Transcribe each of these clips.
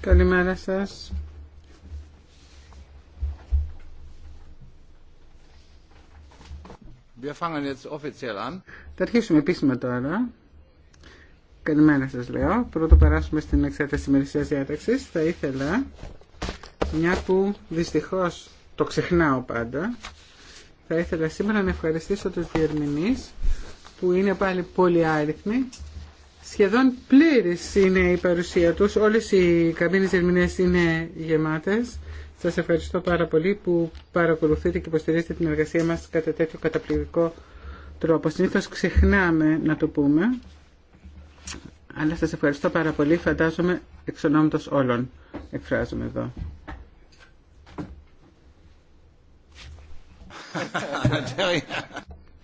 Καλημέρα σας. Θα αρχίσουμε επίσημα τώρα. Καλημέρα σας λέω. Πρώτο περάσουμε στην εξέταση μερισσίας διάταξης. Θα ήθελα, μια που δυστυχώς το ξεχνάω πάντα, θα ήθελα σήμερα να ευχαριστήσω τους διερμηνείς που είναι πάλι πολύ άριθμοι Σχεδόν πλήρες είναι η παρουσία τους. Όλες οι καμπίνες ερμηνείας είναι γεμάτες. Σας ευχαριστώ πάρα πολύ που παρακολουθείτε και υποστηρίζετε την εργασία μας κατά τέτοιο καταπληκτικό τρόπο. Συνήθω ξεχνάμε να το πούμε. Αλλά σας ευχαριστώ πάρα πολύ. Φαντάζομαι εξ όλων εκφράζομαι εδώ.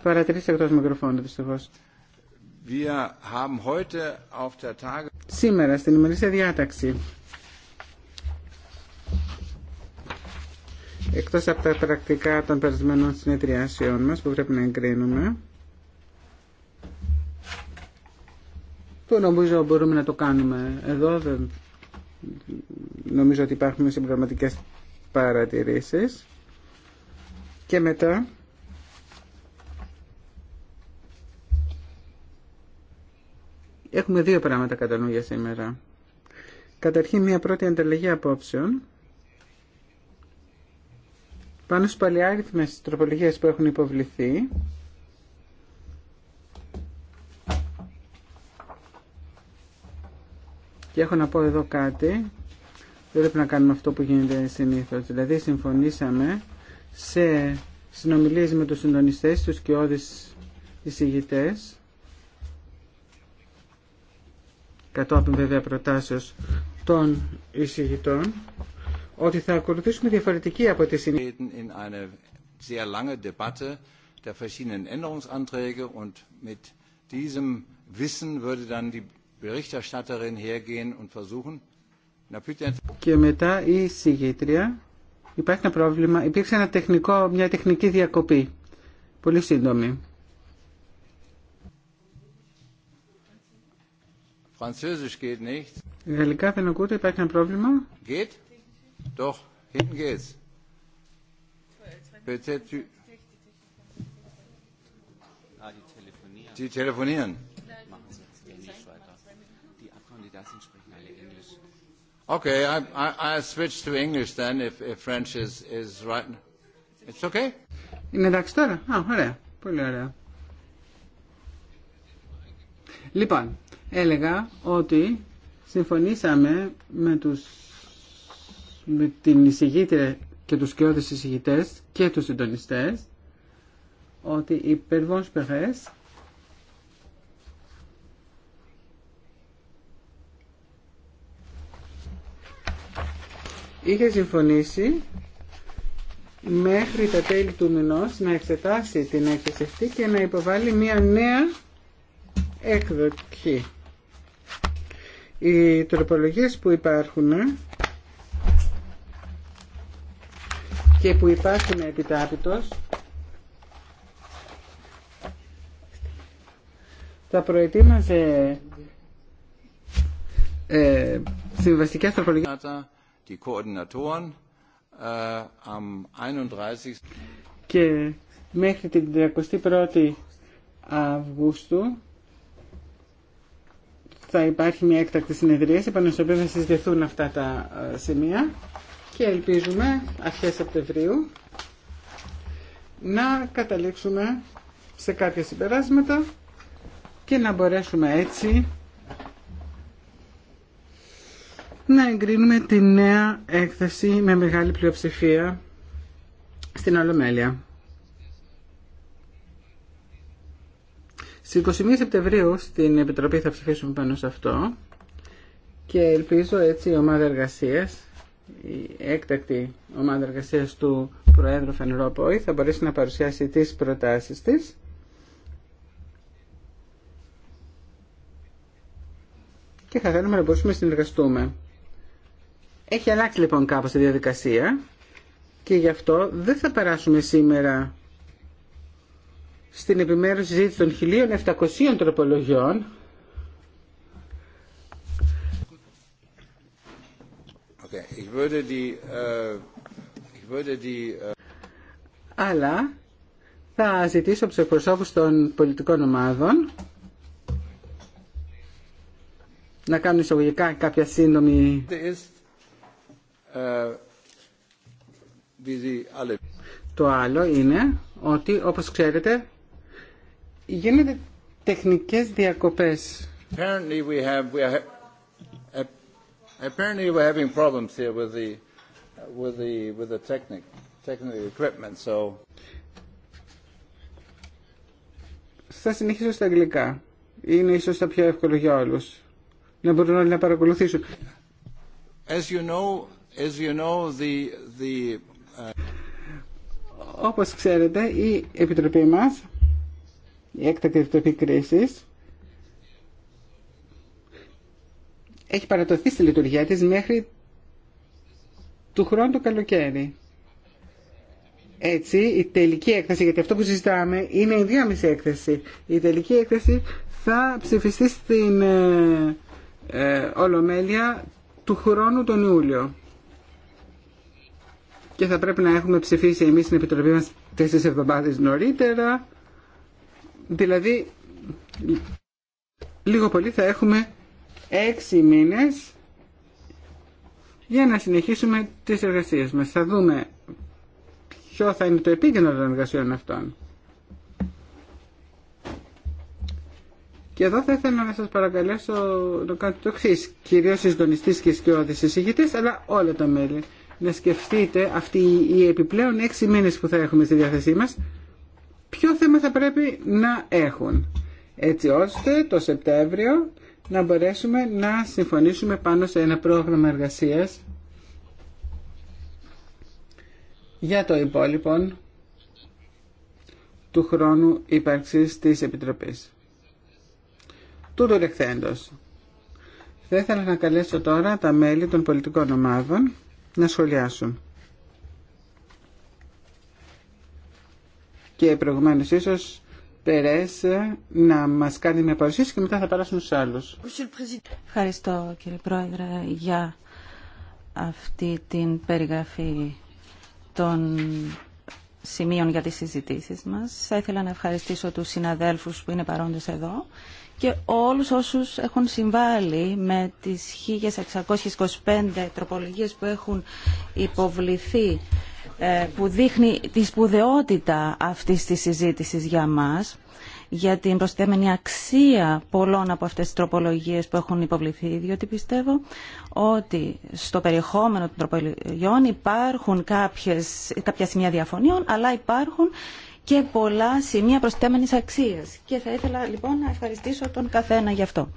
Παρατηρήστε εκτός μικροφόνου, δυστυχώς. Σήμερα στην ημερήσια διάταξη. Εκτός από τα πρακτικά των περσμένων συνεδριάσεων μας που πρέπει να εγκρίνουμε, που νομίζω μπορούμε να το κάνουμε εδώ, δεν... νομίζω ότι υπάρχουν συμπληρωματικές παρατηρήσεις. Και μετά Έχουμε δύο πράγματα κατά νου για σήμερα. Καταρχήν μια πρώτη ανταλλαγή απόψεων πάνω στις παλιάριθμες τροπολογίες που έχουν υποβληθεί και έχω να πω εδώ κάτι δεν πρέπει να κάνουμε αυτό που γίνεται συνήθως δηλαδή συμφωνήσαμε σε συνομιλίες με τους συντονιστές τους και όδης εισηγητές κατόπιν βέβαια προτάσεως των εισηγητών, ότι θα ακολουθήσουμε διαφορετική από τη συνήθεια. και μετά η συγγήτρια υπάρχει ένα πρόβλημα, υπήρξε ένα τεχνικό, μια τεχνική διακοπή, πολύ σύντομη. Französisch geht nicht. Γαλλικά δεν ακούτε, υπάρχει ένα πρόβλημα. Geht? Doch, hinten geht's. Peut-être tu... Sie telefonieren. Okay, I, I, I switch to English then if, if French is, is right. It's okay? Είναι εντάξει τώρα. Α, ωραία. Πολύ ωραία. Λοιπόν, έλεγα ότι συμφωνήσαμε με, τους, με την εισηγήτρια και τους κοιόδες εισηγητές και τους συντονιστές ότι η Περβόν Σπεχές είχε συμφωνήσει μέχρι τα τέλη του μηνός να εξετάσει την έκθεση και να υποβάλει μια νέα έκδοχη. Οι τροπολογίες που υπάρχουν και που υπάρχουν επιτάπητος τα προετοίμαζε ε, συμβαστικές τροπολογίες äh, και μέχρι την 31η Αυγούστου θα υπάρχει μια έκτακτη συνεδρία πάνω στο οποίο θα συζητηθούν αυτά τα ε, σημεία και ελπίζουμε αρχές Σεπτεμβρίου να καταλήξουμε σε κάποια συμπεράσματα και να μπορέσουμε έτσι να εγκρίνουμε τη νέα έκθεση με μεγάλη πλειοψηφία στην Ολομέλεια. Στις 21 Σεπτεμβρίου στην Επιτροπή θα ψηφίσουμε πάνω σε αυτό και ελπίζω έτσι η ομάδα εργασίας, η έκτακτη ομάδα εργασίας του Προέδρου Φανερόπόη θα μπορέσει να παρουσιάσει τις προτάσεις της και θα θέλουμε να μπορούμε να συνεργαστούμε. Έχει αλλάξει λοιπόν κάπως η διαδικασία και γι' αυτό δεν θα περάσουμε σήμερα στην επιμέρους συζήτηση των 1.700 τροπολογιών äh, äh, αλλά θα ζητήσω από τους εκπροσώπου των πολιτικών ομάδων να κάνουν εισαγωγικά κάποια σύντομη äh, το άλλο είναι ότι όπως ξέρετε Γίνονται τεχνικές διακοπές. Apparently we have, we are, apparently we're having problems here with the, with the, with the technic, technical equipment, so... Θα συνεχίσω στα αγγλικά. Είναι ίσως τα πιο εύκολο για όλους. Να μπορούν όλοι να παρακολουθήσουν. As you know, as you know, the, the, Όπως ξέρετε, η Επιτροπή μας η έκτακτη επιτροπή κρίση έχει παρατοθεί στη λειτουργία της μέχρι του χρόνου του καλοκαίρι. Έτσι, η τελική έκθεση, γιατί αυτό που συζητάμε είναι η διάμεση έκθεση. Η τελική έκθεση θα ψηφιστεί στην ε, ε, Ολομέλεια του χρόνου τον Ιούλιο. Και θα πρέπει να έχουμε ψηφίσει εμείς στην Επιτροπή μας τέσσερις εβδομάδες νωρίτερα Δηλαδή, λίγο πολύ θα έχουμε έξι μήνες για να συνεχίσουμε τις εργασίες μας. Θα δούμε ποιο θα είναι το επίκεντρο των εργασιών αυτών. Και εδώ θα ήθελα να σας παρακαλέσω να κάνετε το εξή, κυρίως οι και σκιώδεις εισηγητές, αλλά όλα τα μέλη. Να σκεφτείτε αυτοί οι επιπλέον έξι μήνες που θα έχουμε στη διάθεσή μας, ποιο θέμα θα πρέπει να έχουν έτσι ώστε το Σεπτέμβριο να μπορέσουμε να συμφωνήσουμε πάνω σε ένα πρόγραμμα εργασίας για το υπόλοιπο του χρόνου ύπαρξης της Επιτροπής. Τούτο λεχθέντος. Θα ήθελα να καλέσω τώρα τα μέλη των πολιτικών ομάδων να σχολιάσουν. και προηγουμένω ίσω Περές να μας κάνει μια παρουσίαση και μετά θα περάσουν στους άλλους. Ευχαριστώ κύριε Πρόεδρε για αυτή την περιγραφή των σημείων για τις συζητήσεις μας. Θα ήθελα να ευχαριστήσω τους συναδέλφους που είναι παρόντες εδώ και όλους όσους έχουν συμβάλει με τις 1625 τροπολογίες που έχουν υποβληθεί ε, που δείχνει τη σπουδαιότητα αυτής της συζήτησης για μας για την προσθέμενη αξία πολλών από αυτές τις τροπολογίες που έχουν υποβληθεί, διότι πιστεύω ότι στο περιεχόμενο των τροπολογιών υπάρχουν κάποιες, κάποια σημεία διαφωνίων, αλλά υπάρχουν και πολλά σημεία προσθέμενης αξίας. Και θα ήθελα λοιπόν να ευχαριστήσω τον καθένα γι' αυτό.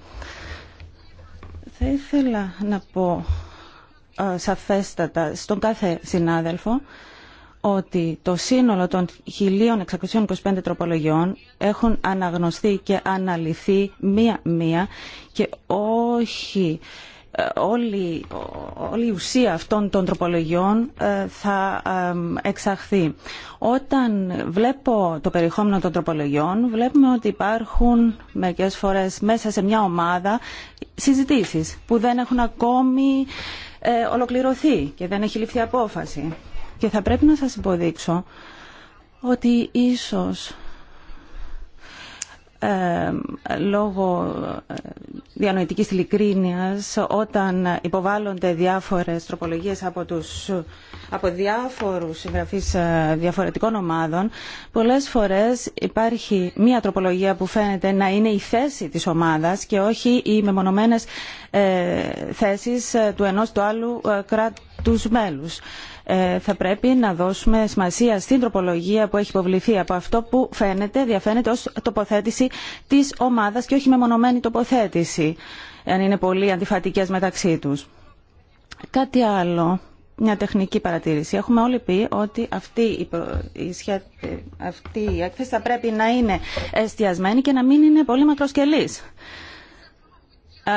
Θα ήθελα να πω ε, σαφέστατα στον κάθε συνάδελφο ότι το σύνολο των 1.625 τροπολογιών έχουν αναγνωστεί και αναλυθεί μία-μία και όχι ε, όλη, η ουσία αυτών των τροπολογιών ε, θα εξαχθεί. Όταν βλέπω το περιεχόμενο των τροπολογιών, βλέπουμε ότι υπάρχουν μερικές φορές μέσα σε μια ομάδα συζητήσεις που δεν έχουν ακόμη ε, ολοκληρωθεί και δεν έχει ληφθεί απόφαση. Και θα πρέπει να σας υποδείξω ότι ίσως ε, λόγω ε, διανοητικής ειλικρίνειας όταν υποβάλλονται διάφορες τροπολογίες από, τους, από διάφορους συγγραφείς ε, διαφορετικών ομάδων πολλές φορές υπάρχει μία τροπολογία που φαίνεται να είναι η θέση της ομάδας και όχι οι μεμονωμένες θέσεις του ενός του άλλου κράτους μέλους. Ε, θα πρέπει να δώσουμε σημασία στην τροπολογία που έχει υποβληθεί από αυτό που φαίνεται, διαφαίνεται ως τοποθέτηση της ομάδας και όχι με μονομένη τοποθέτηση, αν είναι πολύ αντιφατικές μεταξύ τους. Κάτι άλλο μια τεχνική παρατήρηση. Έχουμε όλοι πει ότι αυτή η, ε, αυτή η έκθεση θα πρέπει να είναι εστιασμένη και να μην είναι πολύ μακροσκελής.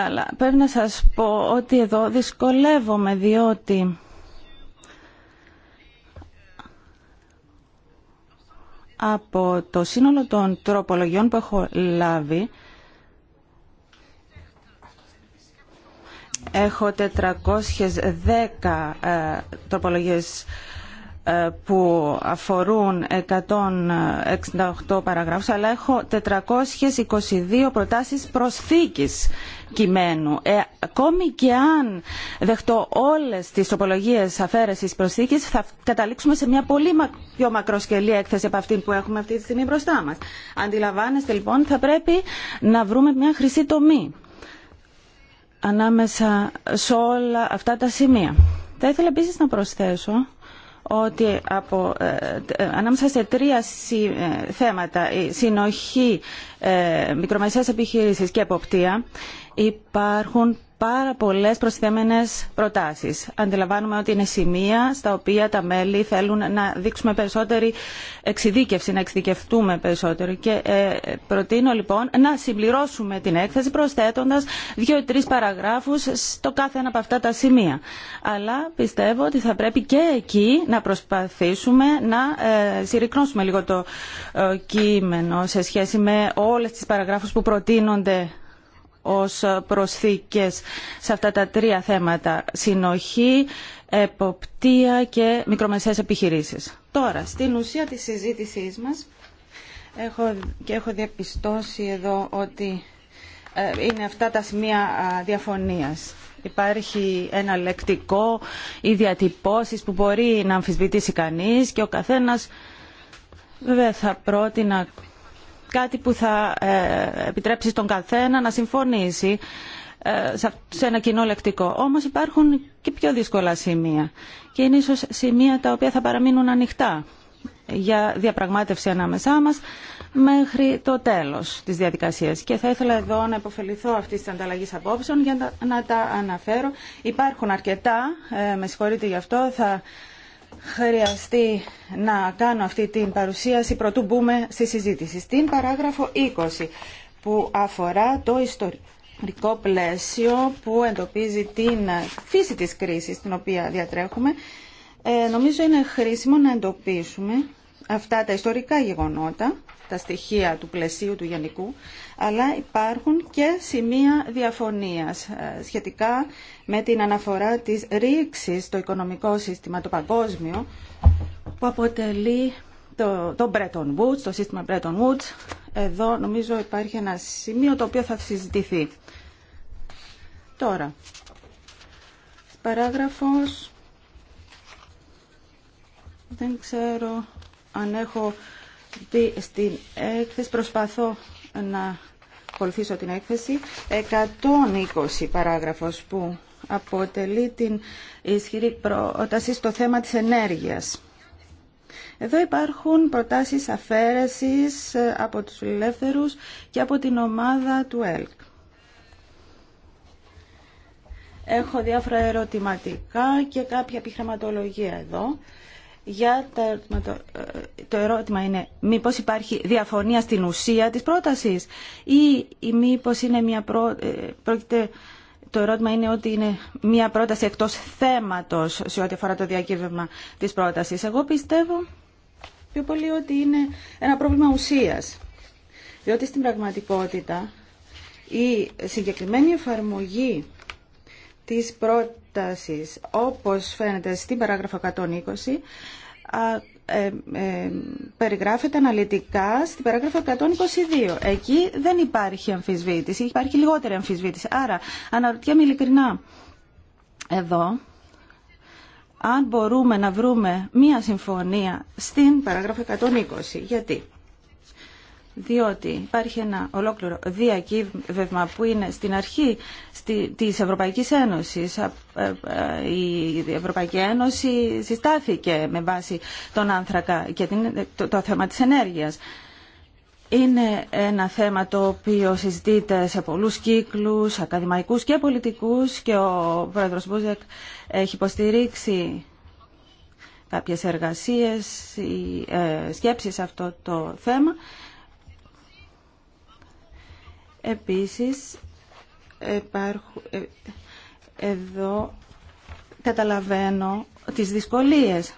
Αλλά πρέπει να σας πω ότι εδώ δυσκολεύομαι διότι από το σύνολο των τροπολογιών που έχω λάβει έχω 410 ε, τροπολογίες ε, που αφορούν 168 παραγράφους, αλλά έχω 422 προτάσεις προσθήκης κειμένου. Ε, ακόμη και αν δεχτώ όλες τις τοπολογίες αφαίρεσης προσθήκης, θα καταλήξουμε σε μια πολύ πιο μακροσκελή έκθεση από αυτή που έχουμε αυτή τη στιγμή μπροστά μας. Αντιλαμβάνεστε λοιπόν, θα πρέπει να βρούμε μια χρυσή τομή ανάμεσα σε όλα αυτά τα σημεία. Θα ήθελα επίσης να προσθέσω ότι από, ε, ανάμεσα σε τρία ε, θέματα, η συνοχή, ε, μικρομεσαίες και εποπτεία, υπάρχουν πάρα πολλέ προσθέμενες προτάσει. Αντιλαμβάνουμε ότι είναι σημεία στα οποία τα μέλη θέλουν να δείξουμε περισσότερη εξειδίκευση, να εξειδικευτούμε περισσότερο. Και ε, προτείνω λοιπόν να συμπληρώσουμε την έκθεση προσθετοντα δύο ή τρεις παραγράφους στο κάθε ένα από αυτά τα σημεία. Αλλά πιστεύω ότι θα πρέπει και εκεί να προσπαθήσουμε να ε, συρρυκνώσουμε λίγο το ε, κείμενο σε σχέση με όλε τι παραγράφου που προτείνονται ως προσθήκες σε αυτά τα τρία θέματα. Συνοχή, εποπτεία και μικρομεσαίες επιχειρήσεις. Τώρα, στην ουσία της συζήτησής μας, έχω, και έχω διαπιστώσει εδώ ότι ε, είναι αυτά τα σημεία διαφωνίας. Υπάρχει ένα λεκτικό ή διατυπώσεις που μπορεί να αμφισβητήσει κανείς και ο καθένας βέβαια θα πρότεινα κάτι που θα ε, επιτρέψει στον καθένα να συμφωνήσει ε, σε ένα κοινό λεκτικό. Όμως υπάρχουν και πιο δύσκολα σημεία και είναι ίσως σημεία τα οποία θα παραμείνουν ανοιχτά για διαπραγμάτευση ανάμεσά μας μέχρι το τέλος της διαδικασίας. Και θα ήθελα εδώ να υποφεληθώ αυτή τη ανταλλαγή απόψεων για να τα αναφέρω. Υπάρχουν αρκετά, ε, με συγχωρείτε γι' αυτό, θα χρειαστεί να κάνω αυτή την παρουσίαση πρωτού μπούμε στη συζήτηση. Στην παράγραφο 20 που αφορά το ιστορικό πλαίσιο που εντοπίζει την φύση της κρίσης την οποία διατρέχουμε, ε, νομίζω είναι χρήσιμο να εντοπίσουμε αυτά τα ιστορικά γεγονότα, τα στοιχεία του πλαισίου του γενικού, αλλά υπάρχουν και σημεία διαφωνίας ε, σχετικά με την αναφορά της ρήξης στο οικονομικό σύστημα, το παγκόσμιο, που αποτελεί το, το Bretton Woods, το σύστημα Bretton Woods. Εδώ νομίζω υπάρχει ένα σημείο το οποίο θα συζητηθεί. Τώρα, παράγραφος, δεν ξέρω αν έχω δει στην έκθεση, προσπαθώ να ακολουθήσω την έκθεση. 120 παράγραφος που αποτελεί την ισχυρή πρόταση στο θέμα της ενέργειας. Εδώ υπάρχουν προτάσεις αφαίρεσης ε, από τους ελεύθερους και από την ομάδα του ΕΛΚ. Έχω διάφορα ερωτηματικά και κάποια επιχειρηματολογία εδώ για τα... Ε, το ερώτημα είναι μήπως υπάρχει διαφωνία στην ουσία της πρότασης ή, ή μήπως είναι μια προ... Ε, το ερώτημα είναι ότι είναι μια πρόταση εκτός θέματος σε ό,τι αφορά το διακύβευμα της πρότασης. Εγώ πιστεύω πιο πολύ ότι είναι ένα πρόβλημα ουσίας. Διότι στην πραγματικότητα η συγκεκριμένη εφαρμογή της πρότασης, όπως φαίνεται στην παράγραφο 120, ε, ε, περιγράφεται αναλυτικά στην παράγραφο 122. Εκεί δεν υπάρχει αμφισβήτηση, υπάρχει λιγότερη αμφισβήτηση. Άρα, αναρωτιέμαι ειλικρινά εδώ, αν μπορούμε να βρούμε μία συμφωνία στην παράγραφο 120. Γιατί διότι υπάρχει ένα ολόκληρο διακύβευμα που είναι στην αρχή της Ευρωπαϊκής Ένωσης. Ε, ε, η Ευρωπαϊκή Ένωση συστάθηκε με βάση τον άνθρακα και το θέμα της ενέργειας. Είναι ένα θέμα το οποίο συζητείται σε πολλούς κύκλους, ακαδημαϊκούς και πολιτικούς και ο πρόεδρος Μπούζεκ έχει υποστηρίξει κάποιες εργασίες, ε, σκέψεις σε αυτό το θέμα Επίσης, υπάρχουν, ε, εδώ καταλαβαίνω τις δυσκολίες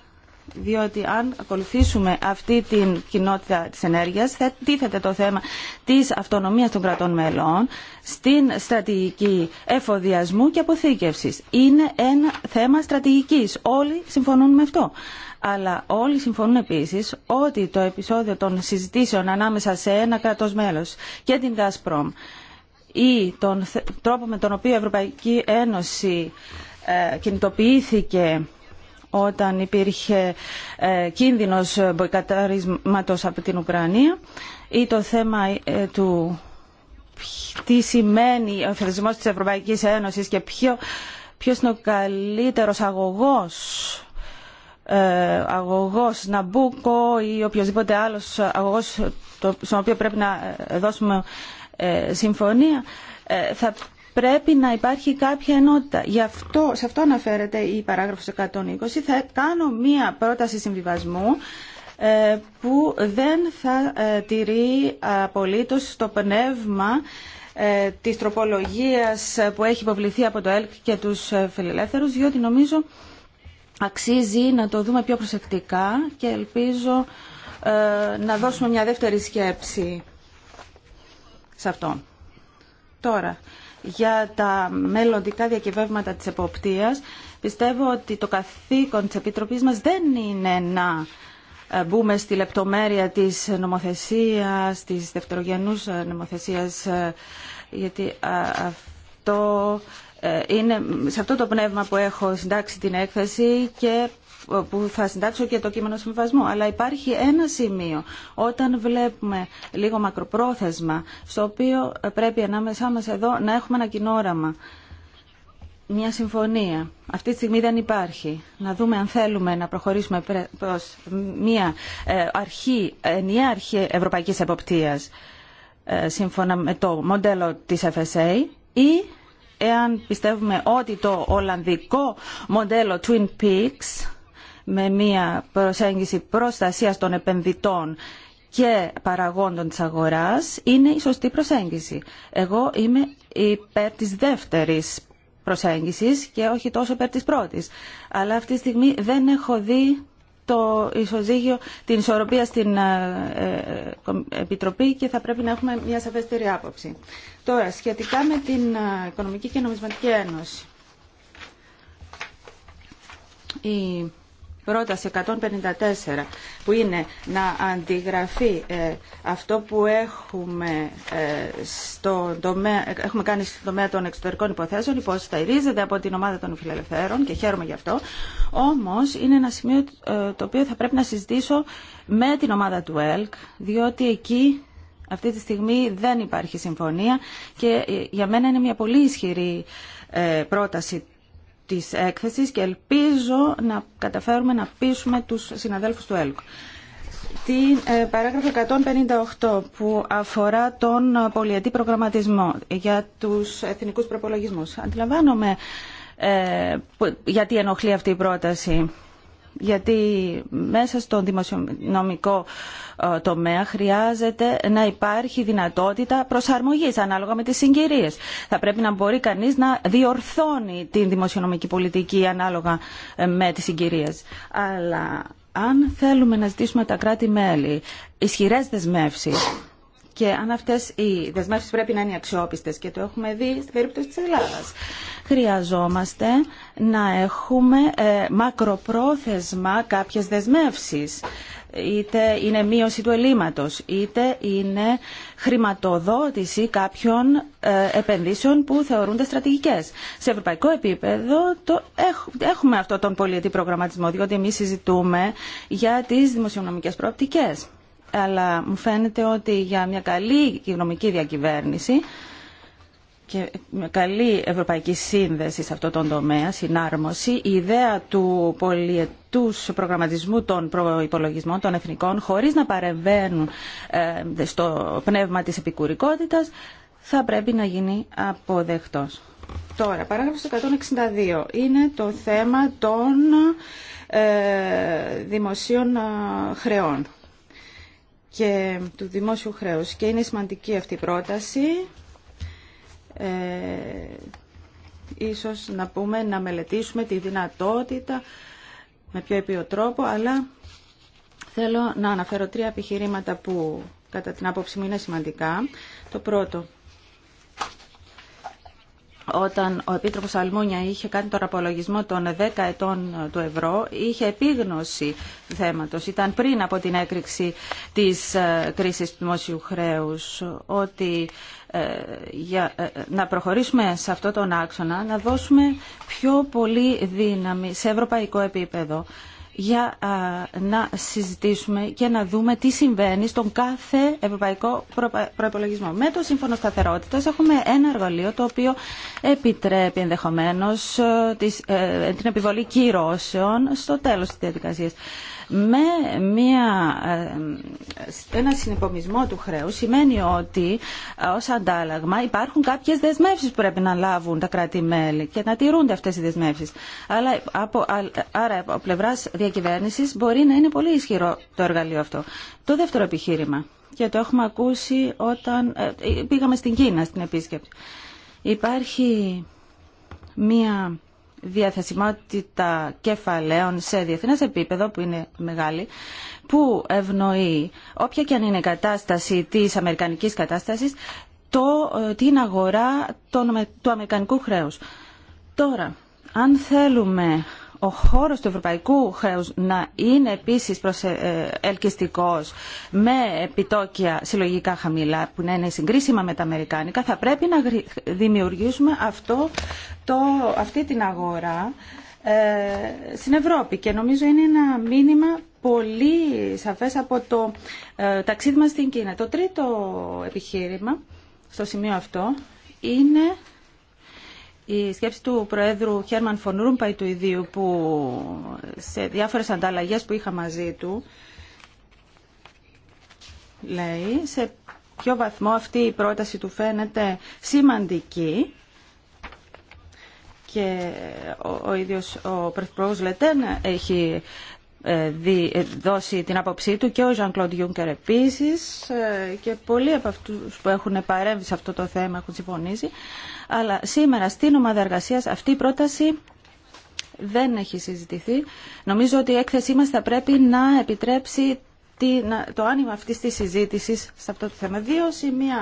διότι αν ακολουθήσουμε αυτή την κοινότητα της ενέργειας θα τίθεται το θέμα της αυτονομίας των κρατών μελών στην στρατηγική εφοδιασμού και αποθήκευσης. Είναι ένα θέμα στρατηγικής. Όλοι συμφωνούν με αυτό. Αλλά όλοι συμφωνούν επίσης ότι το επεισόδιο των συζητήσεων ανάμεσα σε ένα κράτος μέλος και την Gazprom ή τον τρόπο με τον οποίο η Ευρωπαϊκή Ένωση ε, κινητοποιήθηκε όταν υπήρχε ε, κίνδυνος μποϊκαταρίσματος από την Ουκρανία ή το θέμα ε, του τι σημαίνει ο θεσμός της Ευρωπαϊκής Ένωσης και ποιο, ποιος είναι ο καλύτερος αγωγός ε, αγωγός Ναμπούκο ή οποιοδήποτε άλλος αγωγός στον οποίο πρέπει να ε, δώσουμε ε, συμφωνία θα πρέπει να υπάρχει κάποια ενότητα. Γι' αυτό, σε αυτό αναφέρεται η παράγραφος 120. Θα κάνω μία πρόταση συμβιβασμού που δεν θα τηρεί απολύτως το πνεύμα της τροπολογίας που έχει υποβληθεί από το ΕΛΚ και τους φιλελεύθερους, διότι νομίζω αξίζει να το δούμε πιο προσεκτικά και ελπίζω ε, να δώσουμε μια δεύτερη σκέψη σε αυτό. Τώρα, για τα μελλοντικά διακυβεύματα της εποπτείας, πιστεύω ότι το καθήκον της Επιτροπής μας δεν είναι να ε, μπούμε στη λεπτομέρεια της νομοθεσίας, της δευτερογενούς ε, νομοθεσίας, γιατί αυτό ε, είναι σε αυτό το πνεύμα που έχω συντάξει την έκθεση και ε, που θα συντάξω και το κείμενο συμβασμού. Αλλά υπάρχει ένα σημείο όταν βλέπουμε λίγο μακροπρόθεσμα στο οποίο ε, πρέπει ανάμεσά μας εδώ να έχουμε ένα κοινό όραμα. Μια συμφωνία. Αυτή τη στιγμή δεν υπάρχει. Να δούμε αν θέλουμε να προχωρήσουμε προς μια αρχή, ενιαία αρχή ευρωπαϊκής εποπτείας σύμφωνα με το μοντέλο της FSA ή εάν πιστεύουμε ότι το Ολλανδικό μοντέλο Twin Peaks με μια προσέγγιση προστασίας των επενδυτών και παραγόντων της αγοράς είναι η σωστή προσέγγιση. Εγώ είμαι υπέρ της δεύτερης προσέγγισης και όχι τόσο υπέρ της πρώτης. Αλλά αυτή τη στιγμή δεν έχω δει το ισοζύγιο, την ισορροπία στην ε, ε, ε, Επιτροπή και θα πρέπει να έχουμε μια σαφέστερη άποψη. Τώρα, σχετικά με την Οικονομική και Νομισματική Ένωση πρόταση 154 που είναι να αντιγραφεί ε, αυτό που έχουμε, ε, στο τομέα, έχουμε κάνει στον τομέα των εξωτερικών υποθέσεων υποστηρίζεται από την ομάδα των φιλελευθέρων και χαίρομαι γι' αυτό όμως είναι ένα σημείο ε, το οποίο θα πρέπει να συζητήσω με την ομάδα του ΕΛΚ διότι εκεί αυτή τη στιγμή δεν υπάρχει συμφωνία και για μένα είναι μια πολύ ισχυρή πρόταση της έκθεσης και ελπίζω να καταφέρουμε να πείσουμε τους συναδέλφους του ΕΛΚ. Την ε, παράγραφο 158 που αφορά τον πολιετή προγραμματισμό για τους εθνικούς προπολογισμούς. Αντιλαμβάνομαι ε, γιατί ενοχλεί αυτή η πρόταση γιατί μέσα στον δημοσιονομικό ε, τομέα χρειάζεται να υπάρχει δυνατότητα προσαρμογής ανάλογα με τις συγκυρίες. Θα πρέπει να μπορεί κανείς να διορθώνει την δημοσιονομική πολιτική ανάλογα ε, με τις συγκυρίες. Αλλά αν θέλουμε να ζητήσουμε τα κράτη-μέλη ισχυρές δεσμεύσεις και αν αυτέ οι δεσμεύσει πρέπει να είναι αξιόπιστε και το έχουμε δει στην περίπτωση τη Ελλάδα. Χρειαζόμαστε να έχουμε ε, μακροπρόθεσμα κάποιε δεσμεύσει, είτε είναι μείωση του ελλείμματο, είτε είναι χρηματοδότηση κάποιων ε, επενδύσεων που θεωρούνται στρατηγικέ. Σε ευρωπαϊκό επίπεδο το έχουμε αυτό τον πολιτικό προγραμματισμό, διότι εμεί συζητούμε για τι δημοσιονομικέ προοπτικές αλλά μου φαίνεται ότι για μια καλή οικονομική διακυβέρνηση και μια καλή ευρωπαϊκή σύνδεση σε αυτό τον τομέα, συνάρμοση, η ιδέα του πολιετούς προγραμματισμού των προϋπολογισμών των εθνικών, χωρίς να παρεμβαίνουν ε, στο πνεύμα της επικουρικότητας, θα πρέπει να γίνει αποδεκτός. Τώρα, παράγραφος 162 είναι το θέμα των ε, δημοσίων ε, χρεών και του δημόσιου χρέους. Και είναι σημαντική αυτή η πρόταση. Ε, ίσως να πούμε να μελετήσουμε τη δυνατότητα με πιο επίο τρόπο, αλλά θέλω να αναφέρω τρία επιχειρήματα που κατά την άποψή μου είναι σημαντικά. Το πρώτο, όταν ο Επίτροπος Αλμούνια είχε κάνει τον απολογισμό των 10 ετών του ευρώ, είχε επίγνωση θέματος. Ήταν πριν από την έκρηξη της ε, κρίσης του δημόσιου χρέους, ότι ε, για ε, να προχωρήσουμε σε αυτό τον άξονα, να δώσουμε πιο πολύ δύναμη σε ευρωπαϊκό επίπεδο για να συζητήσουμε και να δούμε τι συμβαίνει στον κάθε ευρωπαϊκό προπολογισμό. Με το Σύμφωνο Σταθερότητα έχουμε ένα εργαλείο το οποίο επιτρέπει ενδεχομένω ε, ε, την επιβολή κυρώσεων στο τέλο τη διαδικασία με μια, ε, ένα συνεπομισμό του χρέου σημαίνει ότι ε, ως αντάλλαγμα υπάρχουν κάποιες δεσμεύσεις που πρέπει να λάβουν τα κράτη-μέλη και να τηρούνται αυτές οι δεσμεύσεις. Αλλά από, άρα από πλευράς διακυβέρνησης μπορεί να είναι πολύ ισχυρό το εργαλείο αυτό. Το δεύτερο επιχείρημα και το έχουμε ακούσει όταν ε, πήγαμε στην Κίνα στην επίσκεψη. Υπάρχει μία διαθεσιμότητα κεφαλαίων σε διεθνές επίπεδο που είναι μεγάλη που ευνοεί όποια και αν είναι κατάσταση της αμερικανικής κατάστασης το, ε, την αγορά του αμερικανικού χρέους. Τώρα, αν θέλουμε ο χώρος του ευρωπαϊκού χρέους να είναι επίσης ε, ε, ελκυστικός με επιτόκια συλλογικά χαμηλά που να είναι συγκρίσιμα με τα αμερικάνικα θα πρέπει να δημιουργήσουμε αυτό, το, αυτή την αγορά ε, στην Ευρώπη και νομίζω είναι ένα μήνυμα πολύ σαφές από το ταξίδι μας στην Κίνα. Το τρίτο επιχείρημα στο σημείο αυτό είναι η σκέψη του Προέδρου Χέρμαν Φον Ρούμπαϊ του ιδίου που σε διάφορες ανταλλαγές που είχα μαζί του λέει σε ποιο βαθμό αυτή η πρόταση του φαίνεται σημαντική και ο, ίδιος ο Πρωθυπουργός Λετέν έχει ε, ε, δώσει την άποψή του και ο Ζαν Κλοντ Γιούγκερ επίσης ε, και πολλοί από αυτούς που έχουν παρέμβει σε αυτό το θέμα έχουν συμφωνήσει αλλά σήμερα στην ομάδα εργασίας αυτή η πρόταση δεν έχει συζητηθεί. Νομίζω ότι η έκθεσή μας θα πρέπει να επιτρέψει το άνοιγμα αυτή τη συζήτηση σε αυτό το θέμα. Δύο σημεία,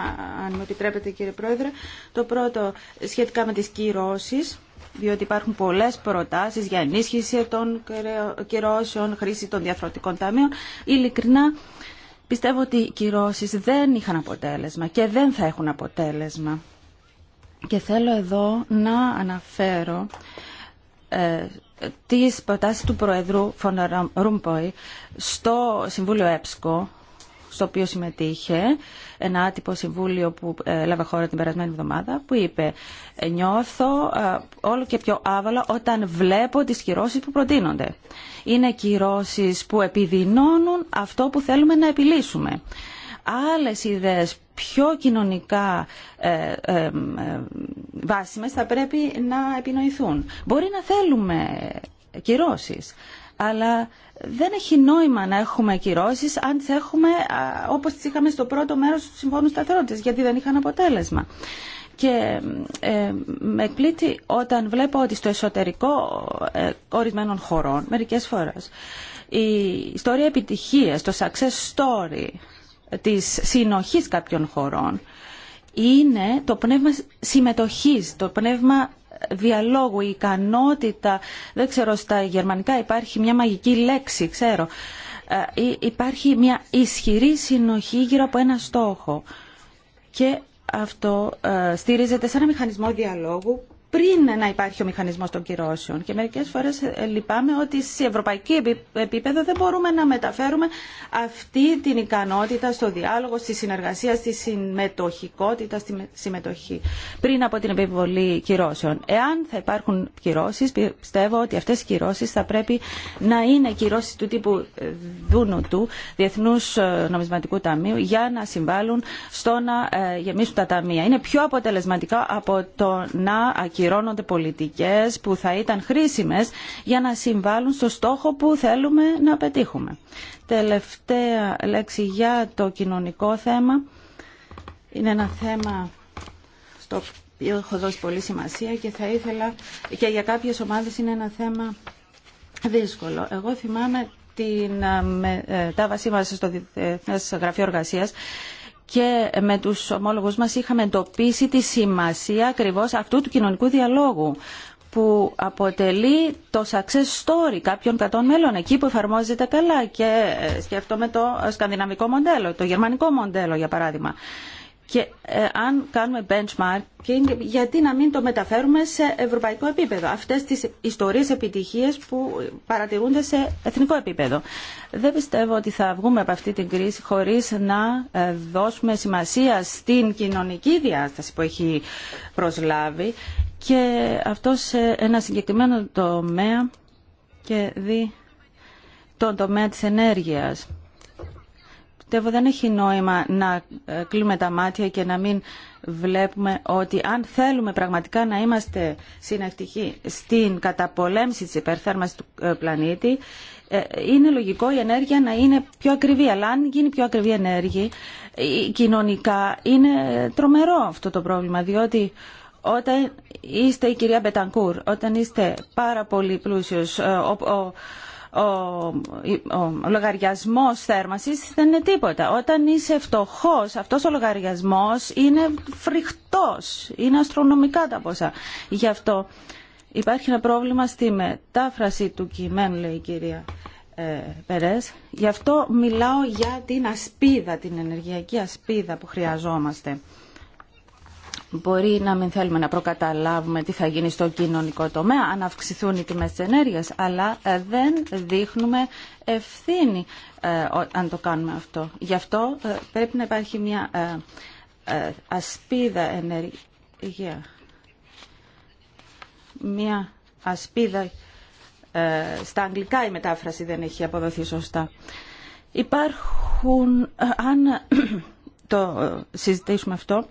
αν μου επιτρέπετε κύριε Πρόεδρε. Το πρώτο σχετικά με τι κυρώσει διότι υπάρχουν πολλές προτάσεις για ενίσχυση των κυρώσεων, χρήση των διαφορετικών ταμείων. Ειλικρινά πιστεύω ότι οι κυρώσεις δεν είχαν αποτέλεσμα και δεν θα έχουν αποτέλεσμα. Και θέλω εδώ να αναφέρω ε, τις προτάσεις του Προεδρού Φων στο Συμβούλιο ΕΠΣΚΟ στο οποίο συμμετείχε ένα άτυπο συμβούλιο που ε, έλαβε χώρα την περασμένη εβδομάδα, που είπε «Ε, «Νιώθω ε, όλο και πιο άβαλα όταν βλέπω τις κυρώσεις που προτείνονται. Είναι κυρώσεις που επιδεινώνουν αυτό που θέλουμε να επιλύσουμε». Άλλες ιδέες πιο κοινωνικά ε, βάσιμες θα πρέπει να επινοηθούν. Μπορεί να θέλουμε κυρώσεις, αλλά δεν έχει νόημα να έχουμε κυρώσεις αν τι έχουμε όπως τις είχαμε στο πρώτο μέρος του Συμφώνου Σταθερότητα, γιατί δεν είχαν αποτέλεσμα. Και ε, με εκπλήττει όταν βλέπω ότι στο εσωτερικό ε, ορισμένων χωρών, μερικές φορές, η ιστορία επιτυχίας, το success story της συνοχής κάποιων χωρών είναι το πνεύμα συμμετοχής, το πνεύμα διαλόγου, η ικανότητα, δεν ξέρω στα γερμανικά υπάρχει μια μαγική λέξη, ξέρω, ε, υπάρχει μια ισχυρή συνοχή γύρω από ένα στόχο. Και αυτό ε, στηρίζεται σε ένα μηχανισμό διαλόγου πριν να υπάρχει ο μηχανισμό των κυρώσεων. Και μερικέ φορέ ε, λυπάμαι ότι σε ευρωπαϊκή επίπεδο δεν μπορούμε να μεταφέρουμε αυτή την ικανότητα στο διάλογο, στη συνεργασία, στη συμμετοχικότητα, στη συμμετοχή πριν από την επιβολή κυρώσεων. Εάν θα υπάρχουν κυρώσει, πιστεύω ότι αυτέ οι κυρώσει θα πρέπει να είναι κυρώσει του τύπου ε, δούνου του διεθνού ε, Νομισματικού Ταμείου για να συμβάλλουν στο να γεμίσουν τα ταμεία. Είναι πιο αποτελεσματικά από το να ακυρώνονται πολιτικές που θα ήταν χρήσιμες για να συμβάλλουν στο στόχο που θέλουμε να πετύχουμε. Τελευταία λέξη για το κοινωνικό θέμα. Είναι ένα θέμα στο οποίο έχω δώσει πολύ σημασία και θα ήθελα και για κάποιες ομάδες είναι ένα θέμα δύσκολο. Εγώ θυμάμαι την ε, μετάβασή ε, μας στο Διεθνές Γραφείο Εργασίας και με τους ομόλογους μας είχαμε εντοπίσει τη σημασία ακριβώς αυτού του κοινωνικού διαλόγου που αποτελεί το success story κάποιων κατών μέλων εκεί που εφαρμόζεται καλά και ε, σκέφτομαι το σκανδιναμικό μοντέλο, το γερμανικό μοντέλο για παράδειγμα. Και ε, αν κάνουμε benchmarking, γιατί να μην το μεταφέρουμε σε ευρωπαϊκό επίπεδο. Αυτές τις ιστορίες επιτυχίες που παρατηρούνται σε εθνικό επίπεδο. Δεν πιστεύω ότι θα βγούμε από αυτή την κρίση χωρίς να ε, δώσουμε σημασία στην κοινωνική διάσταση που έχει προσλάβει και αυτό σε ένα συγκεκριμένο τομέα και δι τον τομέα της ενέργειας Πιστεύω δεν έχει νόημα να ε, κλείνουμε τα μάτια και να μην βλέπουμε ότι αν θέλουμε πραγματικά να είμαστε συνεκτικοί στην καταπολέμηση της υπερθέρμανσης του ε, πλανήτη, ε, είναι λογικό η ενέργεια να είναι πιο ακριβή. Αλλά αν γίνει πιο ακριβή ενέργεια, κοινωνικά είναι τρομερό αυτό το πρόβλημα, διότι όταν είστε η κυρία Μπετανκούρ, όταν είστε πάρα πολύ πλούσιος, ο λογαριασμός θέρμασης δεν είναι τίποτα. Όταν είσαι φτωχός, αυτός ο λογαριασμός είναι φρικτός, είναι αστρονομικά τα ποσά. Γι' αυτό υπάρχει ένα πρόβλημα στη μετάφραση του κειμένου, λέει η κυρία ε, Περές. Γι' αυτό μιλάω για την ασπίδα, την ενεργειακή ασπίδα που χρειαζόμαστε. Μπορεί να μην θέλουμε να προκαταλάβουμε τι θα γίνει στο κοινωνικό τομέα, αν αυξηθούν οι τιμές της ενέργειας, αλλά ε, δεν δείχνουμε ευθύνη ε, αν το κάνουμε αυτό. Γι' αυτό ε, πρέπει να υπάρχει μια ασπίδα ενέργεια, μια ασπίδα στα αγγλικά η μετάφραση δεν έχει αποδοθεί σωστά. Υπάρχουν, αν το συζητήσουμε αυτό,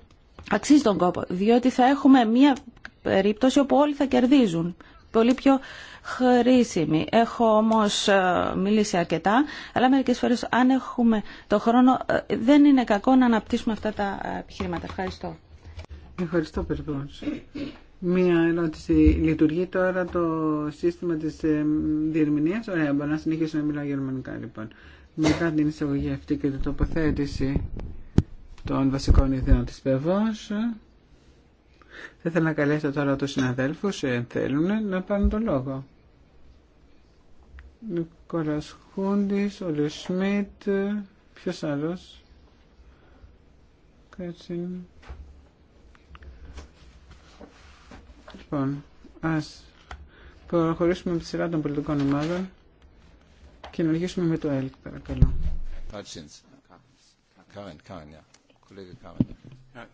αξίζει τον κόπο, διότι θα έχουμε μία περίπτωση όπου όλοι θα κερδίζουν. Πολύ πιο χρήσιμη. Έχω όμως ε, μιλήσει αρκετά, αλλά μερικές φορές αν έχουμε το χρόνο ε, δεν είναι κακό να αναπτύσσουμε αυτά τα επιχειρήματα. Ευχαριστώ. Ευχαριστώ πολύ. Μία ερώτηση. Λειτουργεί τώρα το σύστημα της ε, διερμηνίας. Ωραία, μπορώ να συνεχίσω να μιλάω γερμανικά λοιπόν. Μετά την εισαγωγή αυτή και την τοποθέτηση των βασικών ιδεών της ΠΕΒΑΣ. Θα ήθελα να καλέσω τώρα τους συναδέλφους, εάν θέλουν, να πάρουν τον λόγο. Νικόλας Χούντης, ο Λεσμίτ, Σμιτ, ποιος άλλος. Κάτσι. Λοιπόν, ας προχωρήσουμε με τη σειρά των πολιτικών ομάδων και να με το ΕΛΚ, παρακαλώ. Κάτσινς. Uh,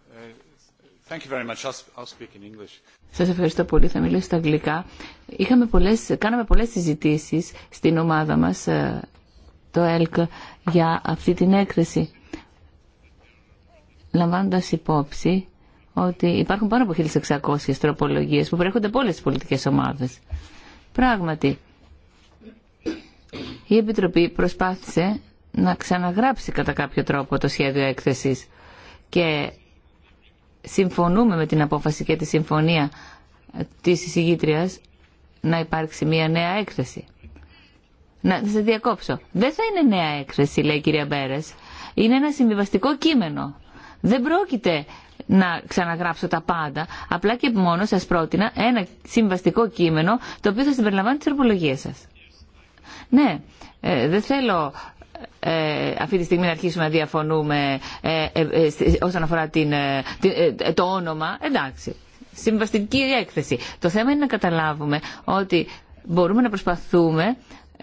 Σας ευχαριστώ πολύ. Θα μιλήσω στα αγγλικά. Είχαμε πολλές, κάναμε πολλές συζητήσεις στην ομάδα μας, ε, το ΕΛΚ, για αυτή την έκθεση. Λαμβάνοντας υπόψη ότι υπάρχουν πάνω από 1.600 τροπολογίες που προέρχονται από όλες τις πολιτικές ομάδες. Πράγματι, η Επιτροπή προσπάθησε να ξαναγράψει κατά κάποιο τρόπο το σχέδιο έκθεσης και συμφωνούμε με την απόφαση και τη συμφωνία της εισηγήτριας να υπάρξει μια νέα έκθεση. Να σε διακόψω. Δεν θα είναι νέα έκθεση, λέει η κυρία Μπέρες. Είναι ένα συμβιβαστικό κείμενο. Δεν πρόκειται να ξαναγράψω τα πάντα. Απλά και μόνο σας πρότεινα ένα συμβαστικό κείμενο το οποίο θα συμπεριλαμβάνει τις ερωπολογίες σας. Ναι, ε, δεν θέλω ε, αυτή τη στιγμή να αρχίσουμε να διαφωνούμε ε, ε, όσον αφορά το όνομα, εντάξει. Συμβαστική έκθεση. Το θέμα είναι να καταλάβουμε ότι μπορούμε να προσπαθούμε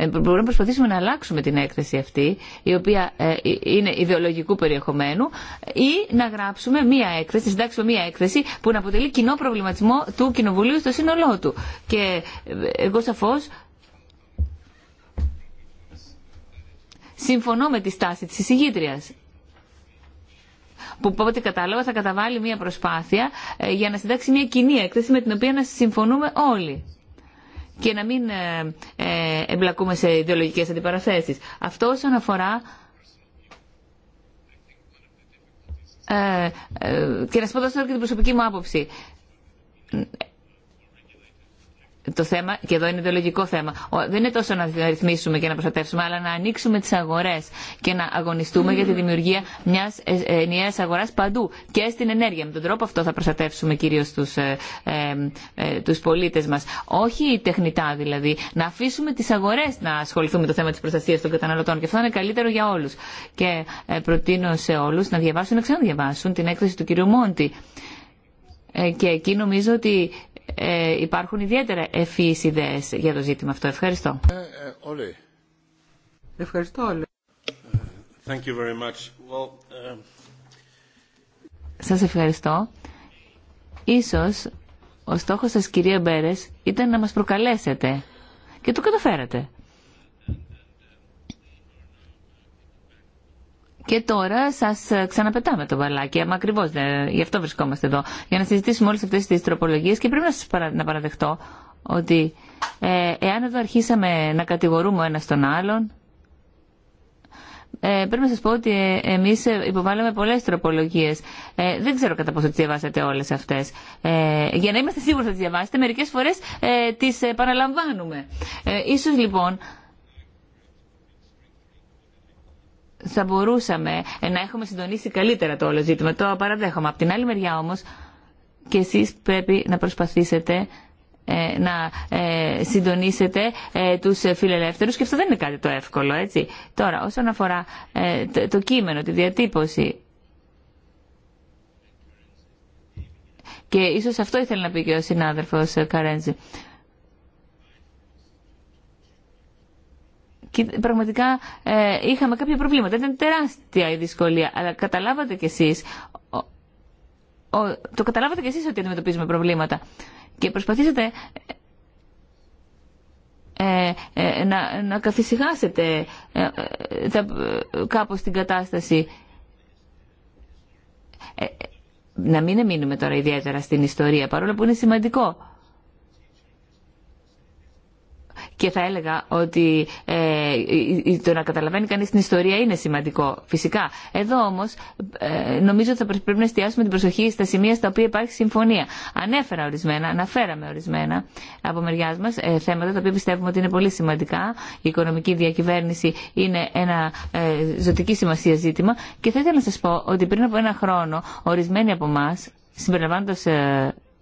μπορούμε να προσπαθήσουμε να αλλάξουμε την έκθεση αυτή, η οποία είναι ιδεολογικού περιεχομένου, ή να γράψουμε μία έκθεση, συντάξουμε μία έκθεση που να αποτελεί κοινό προβληματισμό του Κοινοβουλίου στο σύνολό του. Και εγώ σαφώς Συμφωνώ με τη στάση της εισηγήτριας που από ό,τι κατάλαβα θα καταβάλει μια προσπάθεια ε, για να συντάξει μια κοινή έκθεση με την οποία να συμφωνούμε όλοι και να μην ε, ε, εμπλακούμε σε ιδεολογικές αντιπαραθέσεις. Αυτό όσον αφορά και να σα πω τώρα και την προσωπική μου άποψη το θέμα, και εδώ είναι ιδεολογικό θέμα, δεν είναι τόσο να ρυθμίσουμε και να προστατεύσουμε, αλλά να ανοίξουμε τι αγορέ και να αγωνιστούμε για τη δημιουργία μια ε, ε, ενιαία αγορά παντού και στην ενέργεια. Με τον τρόπο αυτό θα προστατεύσουμε κυρίω του τους ε, πολίτε μα. Όχι τεχνητά δηλαδή. Να αφήσουμε τι αγορέ να ασχοληθούν με το θέμα τη προστασία των καταναλωτών. Και αυτό είναι καλύτερο για όλου. Και προτείνω σε όλου να διαβάσουν, να ξαναδιαβάσουν την έκθεση του κ. Μόντι. Και εκεί νομίζω ότι ε, υπάρχουν ιδιαίτερα ευφύεις ιδέες για το ζήτημα αυτό. Ευχαριστώ. Ε, ε, όλοι. Ευχαριστώ όλοι. Thank you very much. Well, um, Σας ευχαριστώ. Ίσως ο στόχος σας κυρία Μπέρες ήταν να μας προκαλέσετε και το καταφέρατε. Και τώρα σα ε, ξαναπετάμε το βαλάκι. Μα ακριβώ ε, γι' αυτό βρισκόμαστε εδώ. Για να συζητήσουμε όλε αυτέ τι τροπολογίε και πρέπει να σα παραδεχτώ ότι ε, εάν εδώ αρχίσαμε να κατηγορούμε ο ένα τον άλλον. Ε, πρέπει να σας πω ότι ε, εμείς ε, υποβάλαμε πολλές τροπολογίες. Ε, δεν ξέρω κατά πόσο τι διαβάσατε όλες αυτέ. Ε, για να είμαστε σίγουροι ότι τι διαβάσετε, μερικέ φορέ ε, τις παραλαμβάνουμε. Ε, ίσως λοιπόν θα μπορούσαμε να έχουμε συντονίσει καλύτερα το όλο ζήτημα. Το παραδέχομαι. Απ' την άλλη μεριά όμως και εσείς πρέπει να προσπαθήσετε ε, να ε, συντονίσετε ε, τους φιλελεύθερους και αυτό δεν είναι κάτι το εύκολο, έτσι. Τώρα, όσον αφορά το κείμενο, τη διατύπωση και ίσως αυτό ήθελε να πει και ο συνάδελφος Καρέντζη. Και πραγματικά ε, είχαμε κάποια προβλήματα. Ήταν τεράστια η δυσκολία. Αλλά καταλάβατε κι εσείς, το καταλάβατε κι εσείς ότι αντιμετωπίζουμε προβλήματα. Και προσπαθήσατε ε, ε, ε να, να καθησυχάσετε κάπως την κατάσταση. να μην εμείνουμε τώρα ιδιαίτερα στην ιστορία, παρόλο που είναι σημαντικό. Και θα έλεγα ότι ε, το να καταλαβαίνει κανεί την ιστορία είναι σημαντικό, φυσικά. Εδώ όμως ε, νομίζω ότι θα πρέπει να εστιάσουμε την προσοχή στα σημεία στα οποία υπάρχει συμφωνία. Ανέφερα ορισμένα, αναφέραμε ορισμένα από μεριά μα ε, θέματα τα οποία πιστεύουμε ότι είναι πολύ σημαντικά. Η οικονομική διακυβέρνηση είναι ένα ε, ζωτική σημασία ζήτημα. Και θα ήθελα να σας πω ότι πριν από ένα χρόνο ορισμένοι από εμά, συμπεριλαμβάνοντα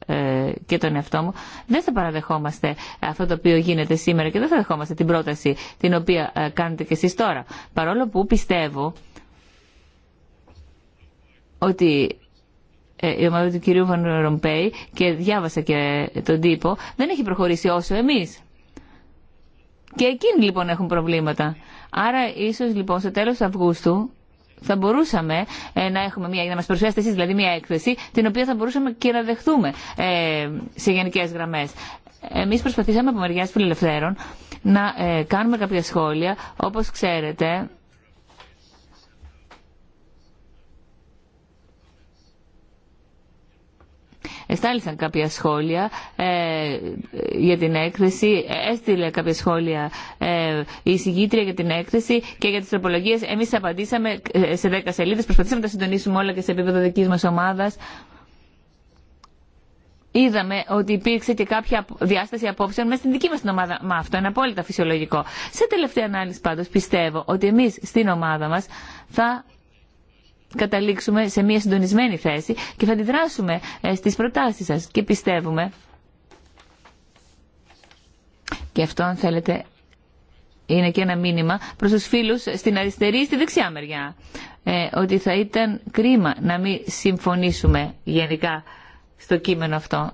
ε, και τον εαυτό μου, δεν θα παραδεχόμαστε αυτό το οποίο γίνεται σήμερα και δεν θα δεχόμαστε την πρόταση την οποία ε, κάνετε και εσείς τώρα. Παρόλο που πιστεύω ότι ε, η ομάδα του κυρίου Βαν Ρομπέη και διάβασα και τον τύπο, δεν έχει προχωρήσει όσο εμείς. Και εκείνοι λοιπόν έχουν προβλήματα. Άρα ίσως λοιπόν στο τέλος Αυγούστου θα μπορούσαμε ε, να έχουμε μια, να μας δηλαδή μια έκθεση την οποία θα μπορούσαμε και να δεχθούμε ε, σε γενικές γραμμές. Εμεί προσπαθήσαμε από μεριά φιλελευθέρων να ε, κάνουμε κάποια σχόλια. όπω ξέρετε, κατάληξαν κάποια σχόλια ε, για την έκθεση, ε, έστειλε κάποια σχόλια ε, η εισηγήτρια για την έκθεση και για τις τροπολογίες. Εμείς απαντήσαμε ε, σε 10 σελίδες, προσπαθήσαμε να τα συντονίσουμε όλα και σε επίπεδο δική μας ομάδας. Είδαμε ότι υπήρξε και κάποια διάσταση απόψεων μέσα στην δική μα την ομάδα. Μα αυτό είναι απόλυτα φυσιολογικό. Σε τελευταία ανάλυση πάντω πιστεύω ότι εμεί στην ομάδα μα θα καταλήξουμε σε μια συντονισμένη θέση και θα αντιδράσουμε ε, στις προτάσεις σας και πιστεύουμε και αυτό αν θέλετε είναι και ένα μήνυμα προς τους φίλους στην αριστερή στη δεξιά μεριά ε, ότι θα ήταν κρίμα να μην συμφωνήσουμε γενικά στο κείμενο αυτό.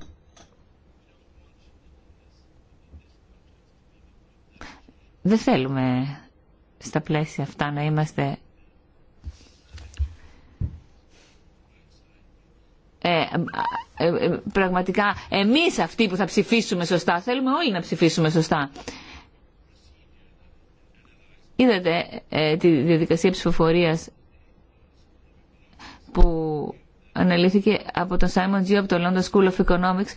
Δεν θέλουμε στα πλαίσια αυτά να είμαστε Ε, ε, ε, πραγματικά εμείς αυτοί που θα ψηφίσουμε σωστά. Θέλουμε όλοι να ψηφίσουμε σωστά. Είδατε τη διαδικασία ψηφοφορίας που αναλύθηκε από τον Σάιμον Τζιό από το London School of Economics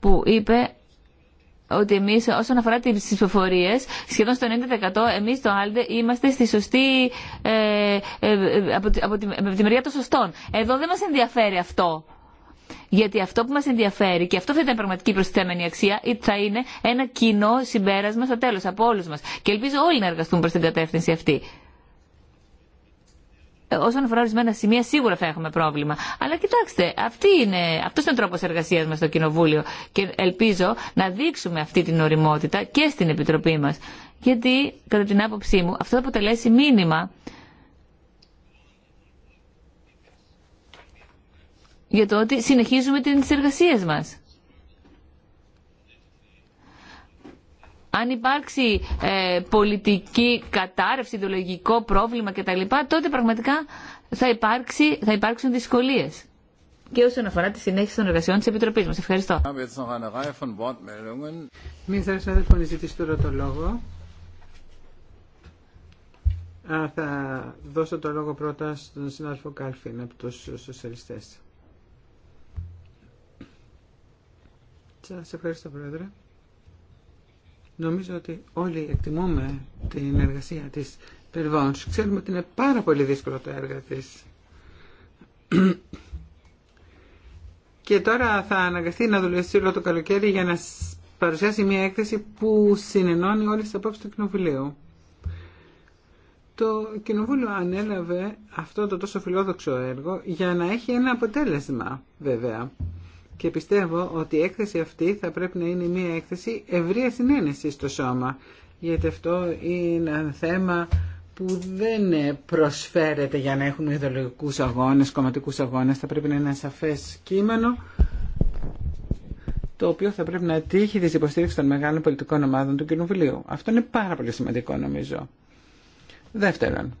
που είπε ότι εμεί όσον αφορά τι ψηφοφορίε, σχεδόν στο 90% εμεί το Άλντε είμαστε στη σωστή. Ε, ε, ε από, τη, μεριά των σωστών. Εδώ δεν μα ενδιαφέρει αυτό. Γιατί αυτό που μα ενδιαφέρει και αυτό θα ήταν πραγματική προστιθέμενη αξία θα είναι ένα κοινό συμπέρασμα στο τέλο από όλου μα. Και ελπίζω όλοι να εργαστούν προ την κατεύθυνση αυτή όσον αφορά ορισμένα σημεία, σίγουρα θα έχουμε πρόβλημα. Αλλά κοιτάξτε, αυτό είναι, αυτός είναι ο τρόπος εργασία μας στο Κοινοβούλιο και ελπίζω να δείξουμε αυτή την οριμότητα και στην Επιτροπή μας. Γιατί, κατά την άποψή μου, αυτό θα αποτελέσει μήνυμα για το ότι συνεχίζουμε τις εργασίες μας. Αν υπάρξει ε, πολιτική κατάρρευση, ιδεολογικό πρόβλημα κτλ. τότε πραγματικά θα, υπάρξει, θα υπάρξουν δυσκολίες. Και όσον αφορά τη συνέχιση των εργασιών τη Επιτροπή μας. Ευχαριστώ. Μην θα σας ζητήσει τώρα το λόγο. Α, θα δώσω το λόγο πρώτα στον συνάδελφο Κάλφιν από τους σοσιαλιστές. Σα ευχαριστώ, Πρόεδρε. Νομίζω ότι όλοι εκτιμούμε την εργασία της Περβόνς. Ξέρουμε ότι είναι πάρα πολύ δύσκολο το έργο της. Και τώρα θα αναγκαστεί να δουλεύσει όλο το καλοκαίρι για να παρουσιάσει μια έκθεση που συνενώνει όλες τις απόψεις του Κοινοβουλίου. Το Κοινοβούλιο ανέλαβε αυτό το τόσο φιλόδοξο έργο για να έχει ένα αποτέλεσμα βέβαια και πιστεύω ότι η έκθεση αυτή θα πρέπει να είναι μια έκθεση ευρεία συνένεση στο σώμα. Γιατί αυτό είναι ένα θέμα που δεν προσφέρεται για να έχουμε ιδεολογικού αγώνες, κομματικούς αγώνες. Θα πρέπει να είναι ένα σαφές κείμενο το οποίο θα πρέπει να τύχει τη υποστήριξη των μεγάλων πολιτικών ομάδων του Κοινοβουλίου. Αυτό είναι πάρα πολύ σημαντικό νομίζω. Δεύτερον,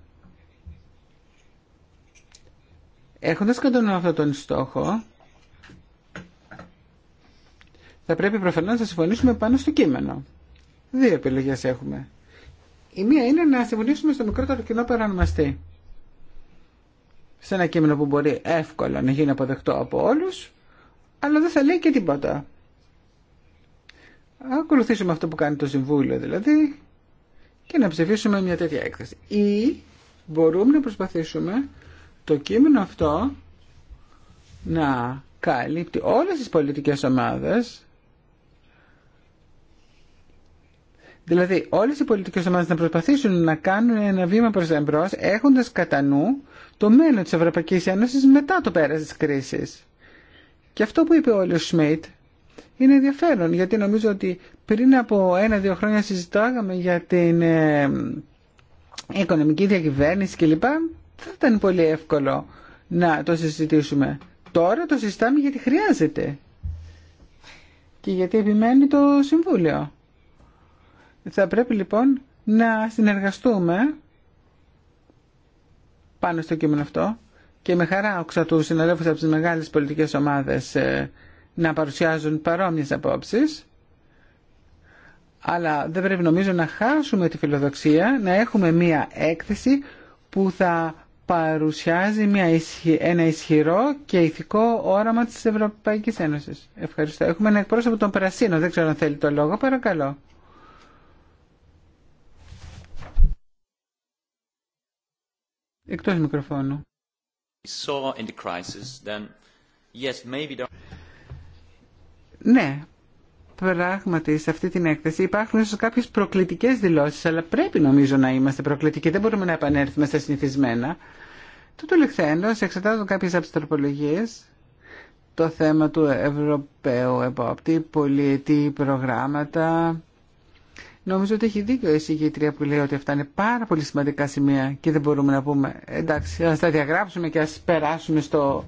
έχοντας κατά αυτόν τον στόχο, θα πρέπει προφανώ να συμφωνήσουμε πάνω στο κείμενο. Δύο επιλογέ έχουμε. Η μία είναι να συμφωνήσουμε στο μικρότερο κοινό παρανομαστή. Σε ένα κείμενο που μπορεί εύκολα να γίνει αποδεκτό από όλους, αλλά δεν θα λέει και τίποτα. Ακολουθήσουμε αυτό που κάνει το Συμβούλιο δηλαδή και να ψηφίσουμε μια τέτοια έκθεση. Ή μπορούμε να προσπαθήσουμε το κείμενο αυτό να καλύπτει όλες τις πολιτικές ομάδες Δηλαδή όλε οι πολιτικέ ομάδε να προσπαθήσουν να κάνουν ένα βήμα προς εμπρό, έχοντα κατά νου το μέλλον τη Ευρωπαϊκή Ένωση μετά το πέρα τη κρίση. Και αυτό που είπε ο Σμιτ είναι ενδιαφέρον γιατί νομίζω ότι πριν από ένα-δύο χρόνια συζητάγαμε για την ε, οικονομική διακυβέρνηση κλπ. Δεν ήταν πολύ εύκολο να το συζητήσουμε. Τώρα το συζητάμε γιατί χρειάζεται και γιατί επιμένει το Συμβούλιο. Θα πρέπει λοιπόν να συνεργαστούμε πάνω στο κείμενο αυτό και με χαρά άκουσα του συναδέλφου από τι μεγάλε πολιτικέ ομάδε ε, να παρουσιάζουν παρόμοιε απόψει. Αλλά δεν πρέπει νομίζω να χάσουμε τη φιλοδοξία να έχουμε μία έκθεση που θα παρουσιάζει μια ένα ισχυρό και ηθικό όραμα της Ευρωπαϊκής Ένωσης. Ευχαριστώ. Έχουμε ένα εκπρόσωπο των Πρασίνων. Δεν ξέρω αν θέλει το λόγο. Παρακαλώ. Εκτός μικροφώνου. Ναι, πράγματι σε αυτή την έκθεση υπάρχουν ίσως κάποιες προκλητικές δηλώσεις, αλλά πρέπει νομίζω να είμαστε προκλητικοί, δεν μπορούμε να επανέλθουμε στα συνηθισμένα. το τελευταίο, σε εξετάζουν κάποιες αψιτροπολογίες, το θέμα του Ευρωπαίου επόπτη, πολιετή προγράμματα, Νομίζω ότι έχει δίκιο η συγγήτρια που λέει ότι αυτά είναι πάρα πολύ σημαντικά σημεία και δεν μπορούμε να πούμε εντάξει ας τα διαγράψουμε και ας περάσουμε στο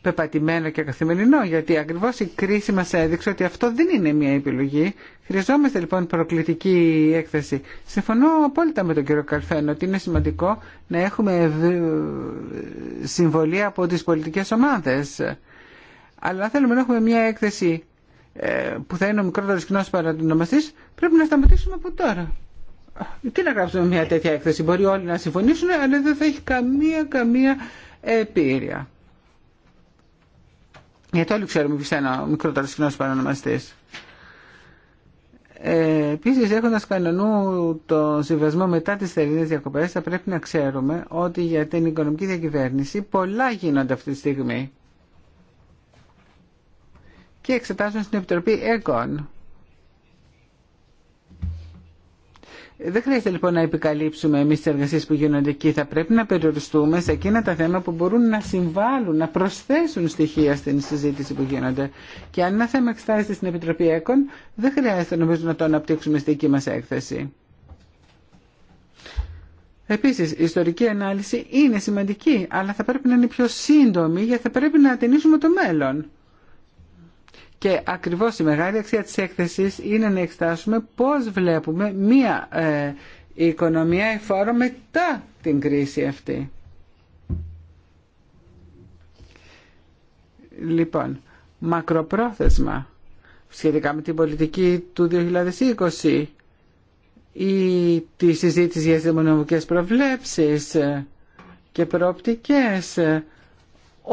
πεπατημένο και καθημερινό γιατί ακριβώς η κρίση μας έδειξε ότι αυτό δεν είναι μια επιλογή. Χρειαζόμαστε λοιπόν προκλητική έκθεση. Συμφωνώ απόλυτα με τον κύριο Καλφέν ότι είναι σημαντικό να έχουμε συμβολή από τις πολιτικές ομάδες. Αλλά θέλουμε να έχουμε μια έκθεση ε, που θα είναι ο μικρότερο κοινό παρανομαστή, πρέπει να σταματήσουμε από τώρα. Τι να γράψουμε μια τέτοια έκθεση. Μπορεί όλοι να συμφωνήσουν, αλλά δεν θα έχει καμία, καμία επίρρεια. Γιατί όλοι ξέρουμε ποιο είναι ο μικρότερο κοινό παρανομαστή. Ε, Επίση, έχοντα κανονού το συμβασμό μετά τι θερινέ διακοπέ, θα πρέπει να ξέρουμε ότι για την οικονομική διακυβέρνηση πολλά γίνονται αυτή τη στιγμή και εξετάζουν στην Επιτροπή ΕΚΟΝ. Δεν χρειάζεται λοιπόν να επικαλύψουμε εμεί τι εργασίε που γίνονται εκεί. Θα πρέπει να περιοριστούμε σε εκείνα τα θέματα που μπορούν να συμβάλλουν, να προσθέσουν στοιχεία στην συζήτηση που γίνονται. Και αν ένα θέμα εξετάζεται στην Επιτροπή ΕΚΟΝ, δεν χρειάζεται νομίζω να το αναπτύξουμε στη δική μα έκθεση. Επίση, η ιστορική ανάλυση είναι σημαντική, αλλά θα πρέπει να είναι πιο σύντομη γιατί θα πρέπει να ατενίσουμε το μέλλον. Και ακριβώς η μεγάλη αξία της έκθεσης είναι να εξετάσουμε πώς βλέπουμε μία ε, οικονομία εφόρο μετά την κρίση αυτή. Λοιπόν, μακροπρόθεσμα σχετικά με την πολιτική του 2020 ή τη συζήτηση για τις δημονομικές προβλέψεις ε, και προοπτικές ε,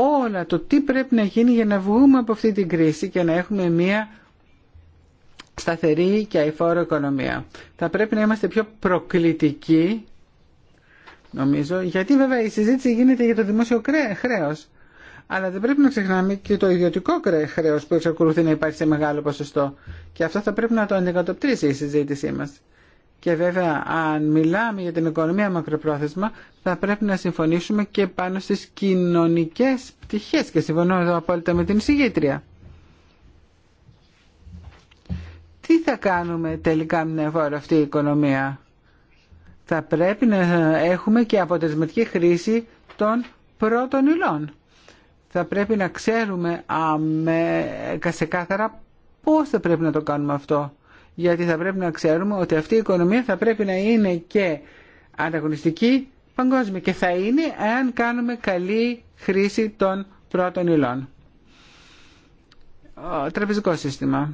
όλα το τι πρέπει να γίνει για να βγούμε από αυτή την κρίση και να έχουμε μια σταθερή και αηφόρο οικονομία. Θα πρέπει να είμαστε πιο προκλητικοί, νομίζω, γιατί βέβαια η συζήτηση γίνεται για το δημόσιο χρέος. Αλλά δεν πρέπει να ξεχνάμε και το ιδιωτικό χρέος που εξακολουθεί να υπάρχει σε μεγάλο ποσοστό. Και αυτό θα πρέπει να το αντικατοπτρίσει η συζήτησή μας. Και βέβαια αν μιλάμε για την οικονομία μακροπρόθεσμα θα πρέπει να συμφωνήσουμε και πάνω στις κοινωνικές πτυχές και συμφωνώ εδώ απόλυτα με την εισηγήτρια. Τι θα κάνουμε τελικά με την αυτή η οικονομία. Θα πρέπει να έχουμε και αποτελεσματική χρήση των πρώτων υλών. Θα πρέπει να ξέρουμε αμε, κασεκάθαρα πώς θα πρέπει να το κάνουμε αυτό γιατί θα πρέπει να ξέρουμε ότι αυτή η οικονομία θα πρέπει να είναι και ανταγωνιστική παγκόσμια και θα είναι αν κάνουμε καλή χρήση των πρώτων υλών. Ο τραπεζικό σύστημα.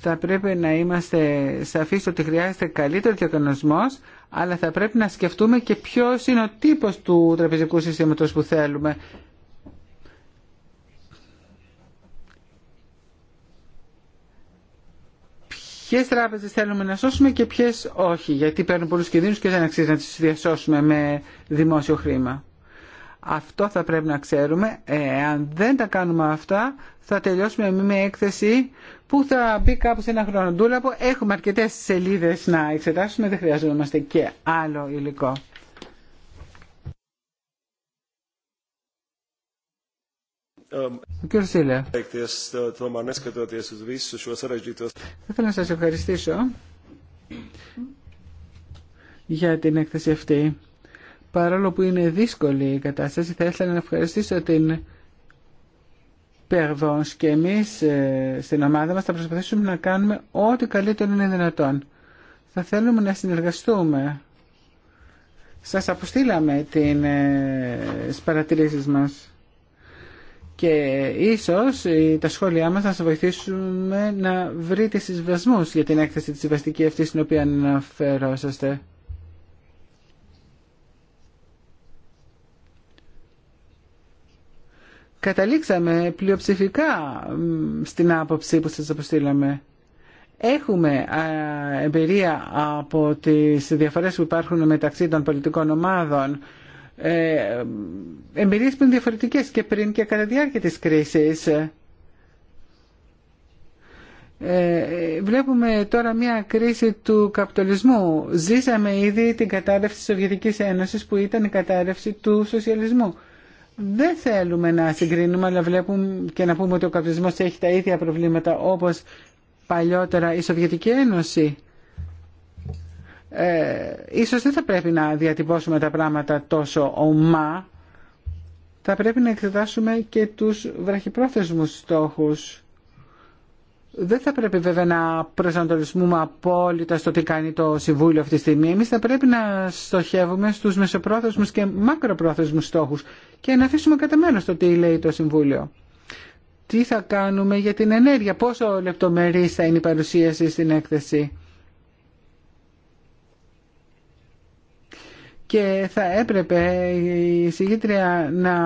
Θα πρέπει να είμαστε σαφείς ότι χρειάζεται καλύτερο διακανονισμό, αλλά θα πρέπει να σκεφτούμε και ποιος είναι ο τύπος του τραπεζικού συστήματος που θέλουμε Ποιε τράπεζε θέλουμε να σώσουμε και ποιε όχι, γιατί παίρνουν πολλού κινδύνου και δεν αξίζει να τι διασώσουμε με δημόσιο χρήμα. Αυτό θα πρέπει να ξέρουμε. Εάν δεν τα κάνουμε αυτά, θα τελειώσουμε με μια έκθεση που θα μπει κάπου σε ένα χρόνο. Έχουμε αρκετές σελίδες να εξετάσουμε, δεν χρειαζόμαστε και άλλο υλικό. Κύριε Θα ήθελα να σας ευχαριστήσω για την έκθεση αυτή. Παρόλο που είναι δύσκολη η κατάσταση, θα ήθελα να ευχαριστήσω την Περβόνς και εμείς ε, στην ομάδα μας θα προσπαθήσουμε να κάνουμε ό,τι καλύτερο είναι δυνατόν. Θα θέλουμε να συνεργαστούμε. Σας αποστήλαμε τις ε, παρατηρήσεις μας και ίσως ε, τα σχόλιά μας να σας βοηθήσουμε να βρείτε συμβασμούς για την έκθεση της συμβαστική αυτή στην οποία αναφερόσαστε. Καταλήξαμε πλειοψηφικά στην άποψη που σας αποστήλαμε. Έχουμε εμπειρία από τις διαφορές που υπάρχουν μεταξύ των πολιτικών ομάδων ε, εμπειρίες που είναι διαφορετικές και πριν και κατά διάρκεια της κρίσης. Ε, ε, βλέπουμε τώρα μια κρίση του καπιταλισμού. Ζήσαμε ήδη την κατάρρευση της Σοβιετικής Ένωσης που ήταν η κατάρρευση του σοσιαλισμού. Δεν θέλουμε να συγκρίνουμε αλλά βλέπουμε και να πούμε ότι ο καπιταλισμός έχει τα ίδια προβλήματα όπως παλιότερα η Σοβιετική Ένωση ε, ίσως δεν θα πρέπει να διατυπώσουμε τα πράγματα τόσο ομά, θα πρέπει να εξετάσουμε και τους βραχυπρόθεσμους στόχους. Δεν θα πρέπει βέβαια να προσανατολισμούμε απόλυτα στο τι κάνει το Συμβούλιο αυτή τη στιγμή. Εμείς θα πρέπει να στοχεύουμε στους μεσοπρόθεσμους και μακροπρόθεσμους στόχους και να αφήσουμε κατά στο το τι λέει το Συμβούλιο. Τι θα κάνουμε για την ενέργεια, πόσο λεπτομερής θα είναι η παρουσίαση στην έκθεση και θα έπρεπε η συγκήτρια να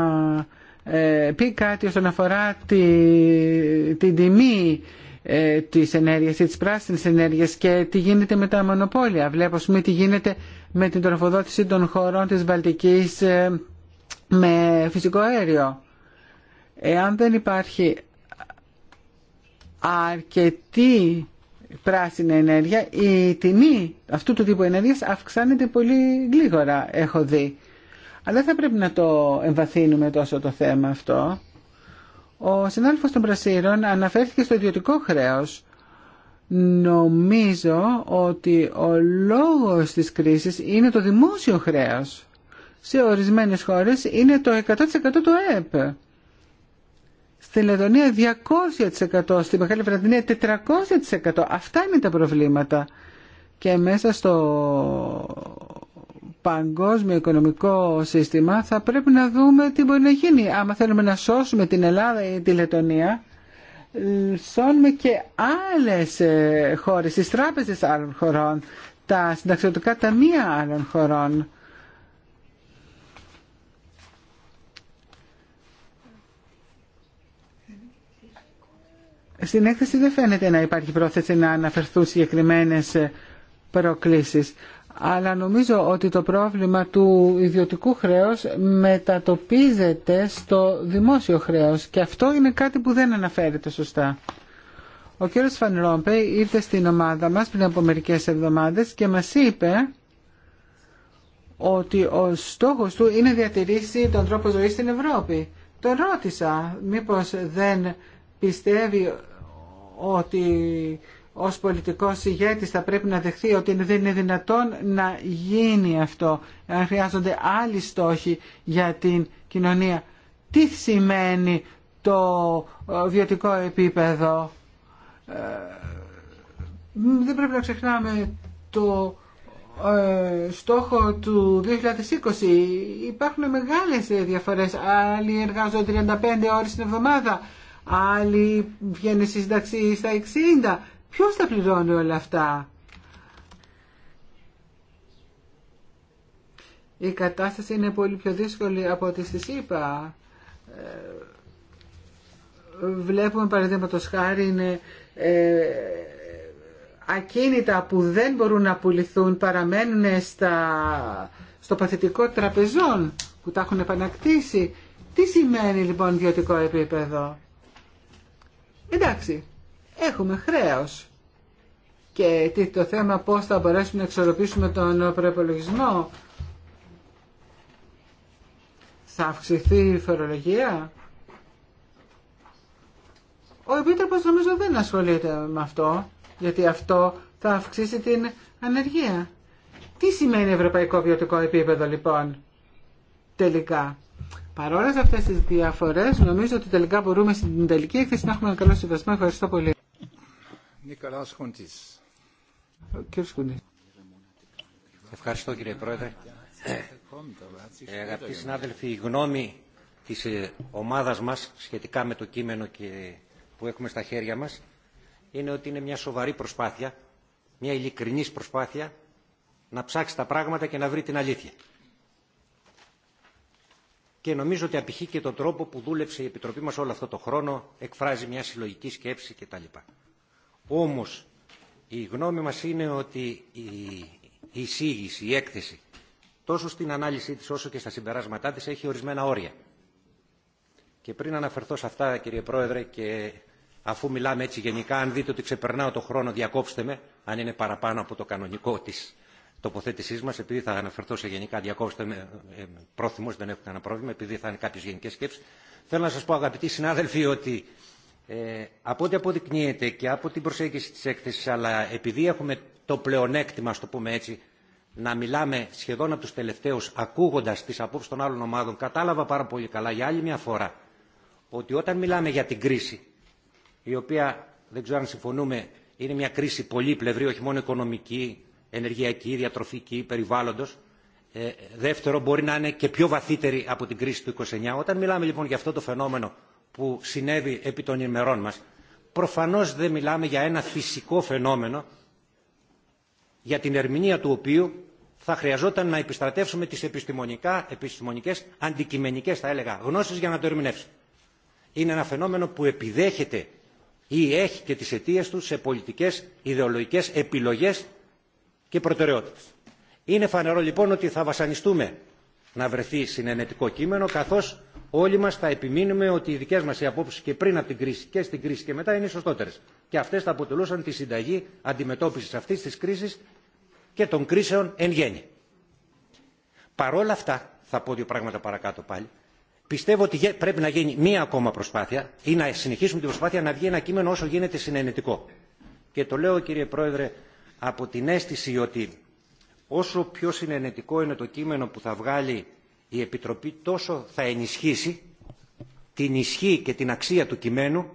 ε, πει κάτι όσον αφορά τη, την τιμή ε, της ενέργειας ή της πράσινης ενέργειας και τι γίνεται με τα μονοπόλια. Βλέπω, πούμε, τι γίνεται με την τροφοδότηση των χωρών της Βαλτικής ε, με φυσικό αέριο. Εάν δεν υπάρχει αρκετή πράσινη ενέργεια, η τιμή αυτού του τύπου ενέργειας αυξάνεται πολύ γλίγορα, έχω δει. Αλλά θα πρέπει να το εμβαθύνουμε τόσο το θέμα αυτό. Ο συνάδελφος των Πρασίρων αναφέρθηκε στο ιδιωτικό χρέος. Νομίζω ότι ο λόγος της κρίσης είναι το δημόσιο χρέος. Σε ορισμένες χώρες είναι το 100% του ΕΕΠ. Στη Λετωνία 200%, στη Μεγάλη Βρετανία 400%. Αυτά είναι τα προβλήματα. Και μέσα στο παγκόσμιο οικονομικό σύστημα θα πρέπει να δούμε τι μπορεί να γίνει. Άμα θέλουμε να σώσουμε την Ελλάδα ή τη Λετωνία, σώνουμε και άλλες ε, χώρες, τις τράπεζες άλλων χωρών, τα συνταξιωτικά ταμεία άλλων χωρών. Στην έκθεση δεν φαίνεται να υπάρχει πρόθεση να αναφερθούν συγκεκριμένε προκλήσεις. Αλλά νομίζω ότι το πρόβλημα του ιδιωτικού χρέους μετατοπίζεται στο δημόσιο χρέος και αυτό είναι κάτι που δεν αναφέρεται σωστά. Ο κ. Φαν Ρόμπε ήρθε στην ομάδα μας πριν από μερικές εβδομάδες και μας είπε ότι ο στόχος του είναι διατηρήσει τον τρόπο ζωής στην Ευρώπη. Τον ρώτησα μήπως δεν πιστεύει ότι ως πολιτικός ηγέτης θα πρέπει να δεχθεί ότι δεν είναι δυνατόν να γίνει αυτό, αν χρειάζονται άλλοι στόχοι για την κοινωνία. Τι σημαίνει το ε, βιωτικό επίπεδο. Ε, δεν πρέπει να ξεχνάμε το ε, στόχο του 2020. Υπάρχουν μεγάλες διαφορές. Άλλοι εργάζονται 35 ώρες την εβδομάδα άλλοι βγαίνουν στη σύνταξη στα 60. Ποιος θα πληρώνει όλα αυτά. Η κατάσταση είναι πολύ πιο δύσκολη από ό,τι στις είπα. Ε, βλέπουμε παραδείγματο χάρη είναι ε, ακίνητα που δεν μπορούν να πουληθούν παραμένουν στα, στο παθητικό τραπεζών που τα έχουν επανακτήσει. Τι σημαίνει λοιπόν ιδιωτικό επίπεδο. Εντάξει, έχουμε χρέος. Και τι, το θέμα πώς θα μπορέσουμε να εξορροπήσουμε τον προπολογισμό. Θα αυξηθεί η φορολογία. Ο Επίτροπος νομίζω δεν ασχολείται με αυτό, γιατί αυτό θα αυξήσει την ανεργία. Τι σημαίνει ευρωπαϊκό βιωτικό επίπεδο λοιπόν, τελικά. Παρόλε αυτέ τι διαφορέ, νομίζω ότι τελικά μπορούμε στην τελική έκθεση να έχουμε ένα καλό συμβασμό. Ευχαριστώ πολύ. Ευχαριστώ κύριε Πρόεδρε. Ε, αγαπητοί συνάδελφοι, η γνώμη τη ε, ομάδα μα σχετικά με το κείμενο και που έχουμε στα χέρια μα, είναι ότι είναι μια σοβαρή προσπάθεια, μια ειλικρινή προσπάθεια να ψάξει τα πράγματα και να βρει την αλήθεια και νομίζω ότι απηχεί και τον τρόπο που δούλεψε η Επιτροπή μας όλο αυτό το χρόνο, εκφράζει μια συλλογική σκέψη κτλ. Όμως η γνώμη μας είναι ότι η εισήγηση, η έκθεση, τόσο στην ανάλυση της όσο και στα συμπεράσματά της έχει ορισμένα όρια. Και πριν αναφερθώ σε αυτά κύριε Πρόεδρε και αφού μιλάμε έτσι γενικά, αν δείτε ότι ξεπερνάω το χρόνο διακόψτε με, αν είναι παραπάνω από το κανονικό της τοποθέτησή μα, επειδή θα αναφερθώ σε γενικά, διακόψτε με ε, πρόθυμο, δεν έχω κανένα πρόβλημα, επειδή θα είναι κάποιε γενικέ σκέψει. Θέλω να σα πω, αγαπητοί συνάδελφοι, ότι ε, από ό,τι αποδεικνύεται και από την προσέγγιση τη έκθεση, αλλά επειδή έχουμε το πλεονέκτημα, α το πούμε έτσι, να μιλάμε σχεδόν από του τελευταίου, ακούγοντα τι απόψει των άλλων ομάδων, κατάλαβα πάρα πολύ καλά για άλλη μια φορά ότι όταν μιλάμε για την κρίση, η οποία δεν ξέρω αν συμφωνούμε, είναι μια κρίση πολύπλευρη, όχι μόνο οικονομική, ενεργειακή, διατροφική, περιβάλλοντο ε, δεύτερο, μπορεί να είναι και πιο βαθύτερη από την κρίση του 29. Όταν μιλάμε λοιπόν για αυτό το φαινόμενο που συνέβη επί των ημερών μα, προφανώ δεν μιλάμε για ένα φυσικό φαινόμενο για την ερμηνεία του οποίου θα χρειαζόταν να επιστρατεύσουμε τις επιστημονικά, επιστημονικές, αντικειμενικές θα έλεγα, γνώσεις για να το ερμηνεύσουμε. Είναι ένα φαινόμενο που επιδέχεται ή έχει και τις αιτίες του σε πολιτικές, ιδεολογικές επιλογές και προτεραιότητε. Είναι φανερό λοιπόν ότι θα βασανιστούμε να βρεθεί συνενετικό κείμενο, καθώ όλοι μα θα επιμείνουμε ότι οι δικέ μα οι και πριν από την κρίση και στην κρίση και μετά είναι οι σωστότερε. Και αυτέ θα αποτελούσαν τη συνταγή αντιμετώπιση αυτή τη κρίση και των κρίσεων εν γέννη. Παρόλα αυτά, θα πω δύο πράγματα παρακάτω πάλι, πιστεύω ότι πρέπει να γίνει μία ακόμα προσπάθεια ή να συνεχίσουμε την προσπάθεια να βγει ένα κείμενο όσο γίνεται συνενετικό. Και το λέω, κύριε Πρόεδρε, από την αίσθηση ότι όσο πιο συνενετικό είναι το κείμενο που θα βγάλει η Επιτροπή τόσο θα ενισχύσει την ισχύ και την αξία του κειμένου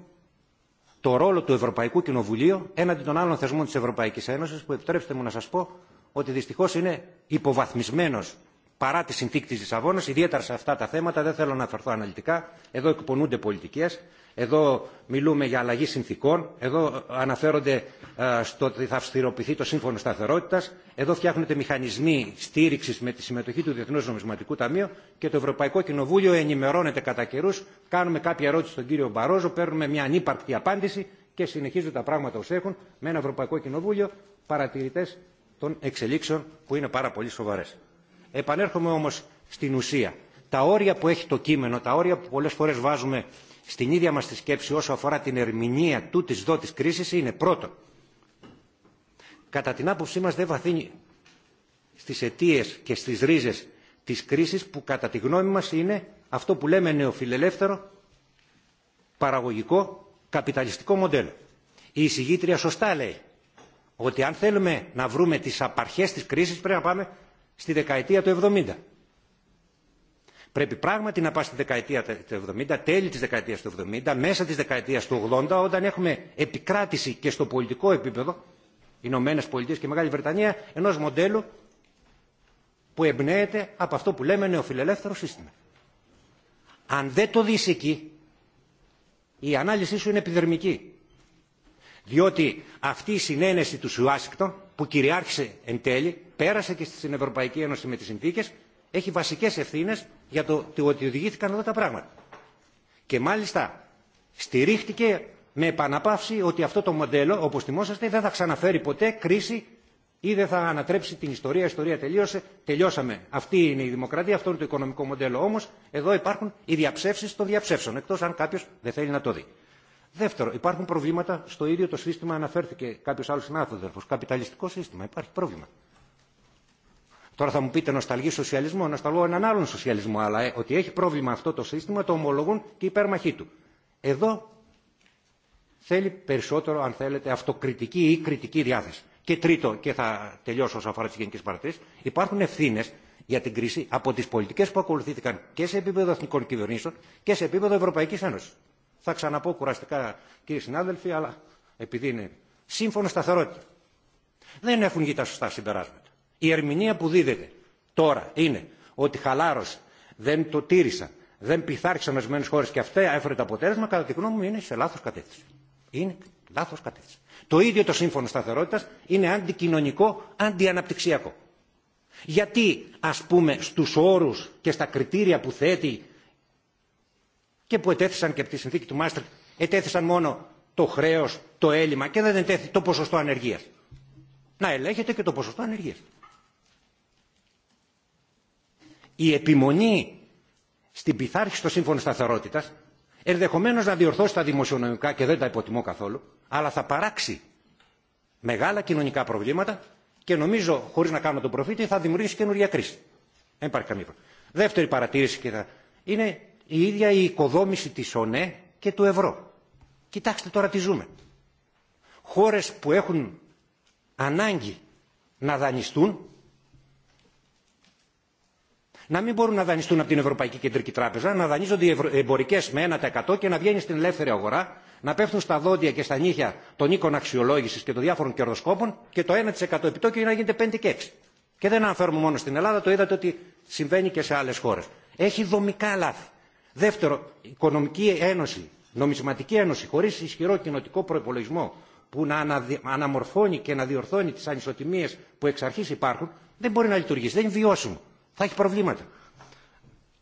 το ρόλο του Ευρωπαϊκού Κοινοβουλίου έναντι των άλλων θεσμών της Ευρωπαϊκής Ένωσης που επιτρέψτε μου να σας πω ότι δυστυχώς είναι υποβαθμισμένος παρά τη συνθήκη της Λισαβόνας ιδιαίτερα σε αυτά τα θέματα δεν θέλω να αφαιρθώ αναλυτικά εδώ εκπονούνται πολιτικές εδώ μιλούμε για αλλαγή συνθήκων, εδώ ε, αναφέρονται ε, στο ότι θα αυστηροποιηθεί το σύμφωνο σταθερότητα, εδώ φτιάχνονται μηχανισμοί στήριξη με τη συμμετοχή του Διεθνού Νομισματικού Ταμείου και το Ευρωπαϊκό Κοινοβούλιο ενημερώνεται κατά καιρού. Κάνουμε κάποια ερώτηση στον κύριο Μπαρόζο, παίρνουμε μια ανύπαρκτη απάντηση και συνεχίζουν τα πράγματα ω έχουν με ένα Ευρωπαϊκό Κοινοβούλιο παρατηρητέ των εξελίξεων που είναι πάρα πολύ σοβαρέ. Επανέρχομαι όμω στην ουσία. Τα όρια που έχει το κείμενο, τα όρια που πολλέ φορέ βάζουμε στην ίδια μας τη σκέψη όσο αφορά την ερμηνεία του της δω κρίσης είναι πρώτο. κατά την άποψή μας δεν βαθύνει στις αιτίες και στις ρίζες της κρίσης που κατά τη γνώμη μας είναι αυτό που λέμε νεοφιλελεύθερο παραγωγικό καπιταλιστικό μοντέλο. Η εισηγήτρια σωστά λέει ότι αν θέλουμε να βρούμε τις απαρχές της κρίσης πρέπει να πάμε στη δεκαετία του 70 Πρέπει πράγματι να πάει στη δεκαετία του 70, τέλη της δεκαετίας του 70, μέσα της δεκαετίας του 80, όταν έχουμε επικράτηση και στο πολιτικό επίπεδο, Ηνωμένε Πολιτείε και Μεγάλη Βρετανία, ενός μοντέλου που εμπνέεται από αυτό που λέμε νεοφιλελεύθερο σύστημα. Αν δεν το δεις εκεί, η ανάλυση σου είναι επιδερμική. Διότι αυτή η συνένεση του Σουάσικτον που κυριάρχησε εν τέλει, πέρασε και στην Ευρωπαϊκή Ένωση με τις συνθήκες, έχει βασικές ευθύνες για το ότι οδηγήθηκαν εδώ τα πράγματα. Και μάλιστα στηρίχτηκε με επαναπαύση ότι αυτό το μοντέλο, όπως θυμόσαστε, δεν θα ξαναφέρει ποτέ κρίση ή δεν θα ανατρέψει την ιστορία. Η ιστορία τελείωσε, τελειώσαμε. Αυτή είναι η δημοκρατία, αυτό είναι το οικονομικό μοντέλο. Όμως εδώ υπάρχουν οι διαψεύσεις των διαψεύσεων, εκτός αν κάποιος δεν θέλει να το δει. Δεύτερο, υπάρχουν προβλήματα στο ίδιο το σύστημα, αναφέρθηκε κάποιο άλλο συνάδελφο. Καπιταλιστικό σύστημα, υπάρχει πρόβλημα. Τώρα θα μου πείτε νοσταλγή σοσιαλισμού. νοσταλγώ έναν άλλον σοσιαλισμό, αλλά ε, ότι έχει πρόβλημα αυτό το σύστημα το ομολογούν και οι υπέρμαχοί του. Εδώ θέλει περισσότερο, αν θέλετε, αυτοκριτική ή κριτική διάθεση. Και τρίτο, και θα τελειώσω όσον αφορά τι γενικέ παρατηρήσει, υπάρχουν ευθύνε για την κρίση από τι πολιτικέ που ακολουθήθηκαν και σε επίπεδο εθνικών κυβερνήσεων και σε επίπεδο Ευρωπαϊκή Ένωση. Θα ξαναπώ κουραστικά, κύριοι συνάδελφοι, αλλά επειδή είναι σύμφωνο σταθερότητα. Δεν έχουν γίνει τα σωστά συμπεράσματα. Η ερμηνεία που δίδεται τώρα είναι ότι χαλάρωσε, δεν το τήρησαν, δεν πειθάρχησαν ορισμένε χώρε και αυτά έφερε το αποτέλεσμα, κατά τη γνώμη μου είναι σε λάθο κατεύθυνση. Είναι λάθο κατεύθυνση. Το ίδιο το σύμφωνο σταθερότητα είναι αντικοινωνικό, αντιαναπτυξιακό. Γιατί, α πούμε, στου όρου και στα κριτήρια που θέτει και που ετέθησαν και από τη συνθήκη του Μάστρικ, ετέθησαν μόνο το χρέο, το έλλειμμα και δεν ετέθη το ποσοστό ανεργία. Να ελέγχεται και το ποσοστό ανεργία η επιμονή στην πειθάρχηση στο σύμφωνο σταθερότητα, ενδεχομένω να διορθώσει τα δημοσιονομικά και δεν τα υποτιμώ καθόλου, αλλά θα παράξει μεγάλα κοινωνικά προβλήματα και νομίζω, χωρί να κάνω τον προφήτη, θα δημιουργήσει καινούργια κρίση. Δεν υπάρχει καμία πρόβλημα. Δεύτερη παρατήρηση είναι η ίδια η οικοδόμηση τη ΩΝΕ και του ευρώ. Κοιτάξτε τώρα τι ζούμε. Χώρε που έχουν ανάγκη να δανειστούν να μην μπορούν να δανειστούν από την Ευρωπαϊκή Κεντρική Τράπεζα, να δανείζονται οι εμπορικέ με 1% και να βγαίνει στην ελεύθερη αγορά, να πέφτουν στα δόντια και στα νύχια των οίκων αξιολόγηση και των διάφορων κερδοσκόπων και το 1% επιτόκιο να γίνεται 5 και 6. Και δεν αναφέρουμε μόνο στην Ελλάδα, το είδατε ότι συμβαίνει και σε άλλε χώρε. Έχει δομικά λάθη. Δεύτερο, οικονομική ένωση, νομισματική ένωση, χωρί ισχυρό κοινοτικό προπολογισμό που να αναμορφώνει και να διορθώνει τι ανισοτιμίε που εξ αρχή υπάρχουν, δεν μπορεί να λειτουργήσει. Δεν είναι θα έχει προβλήματα.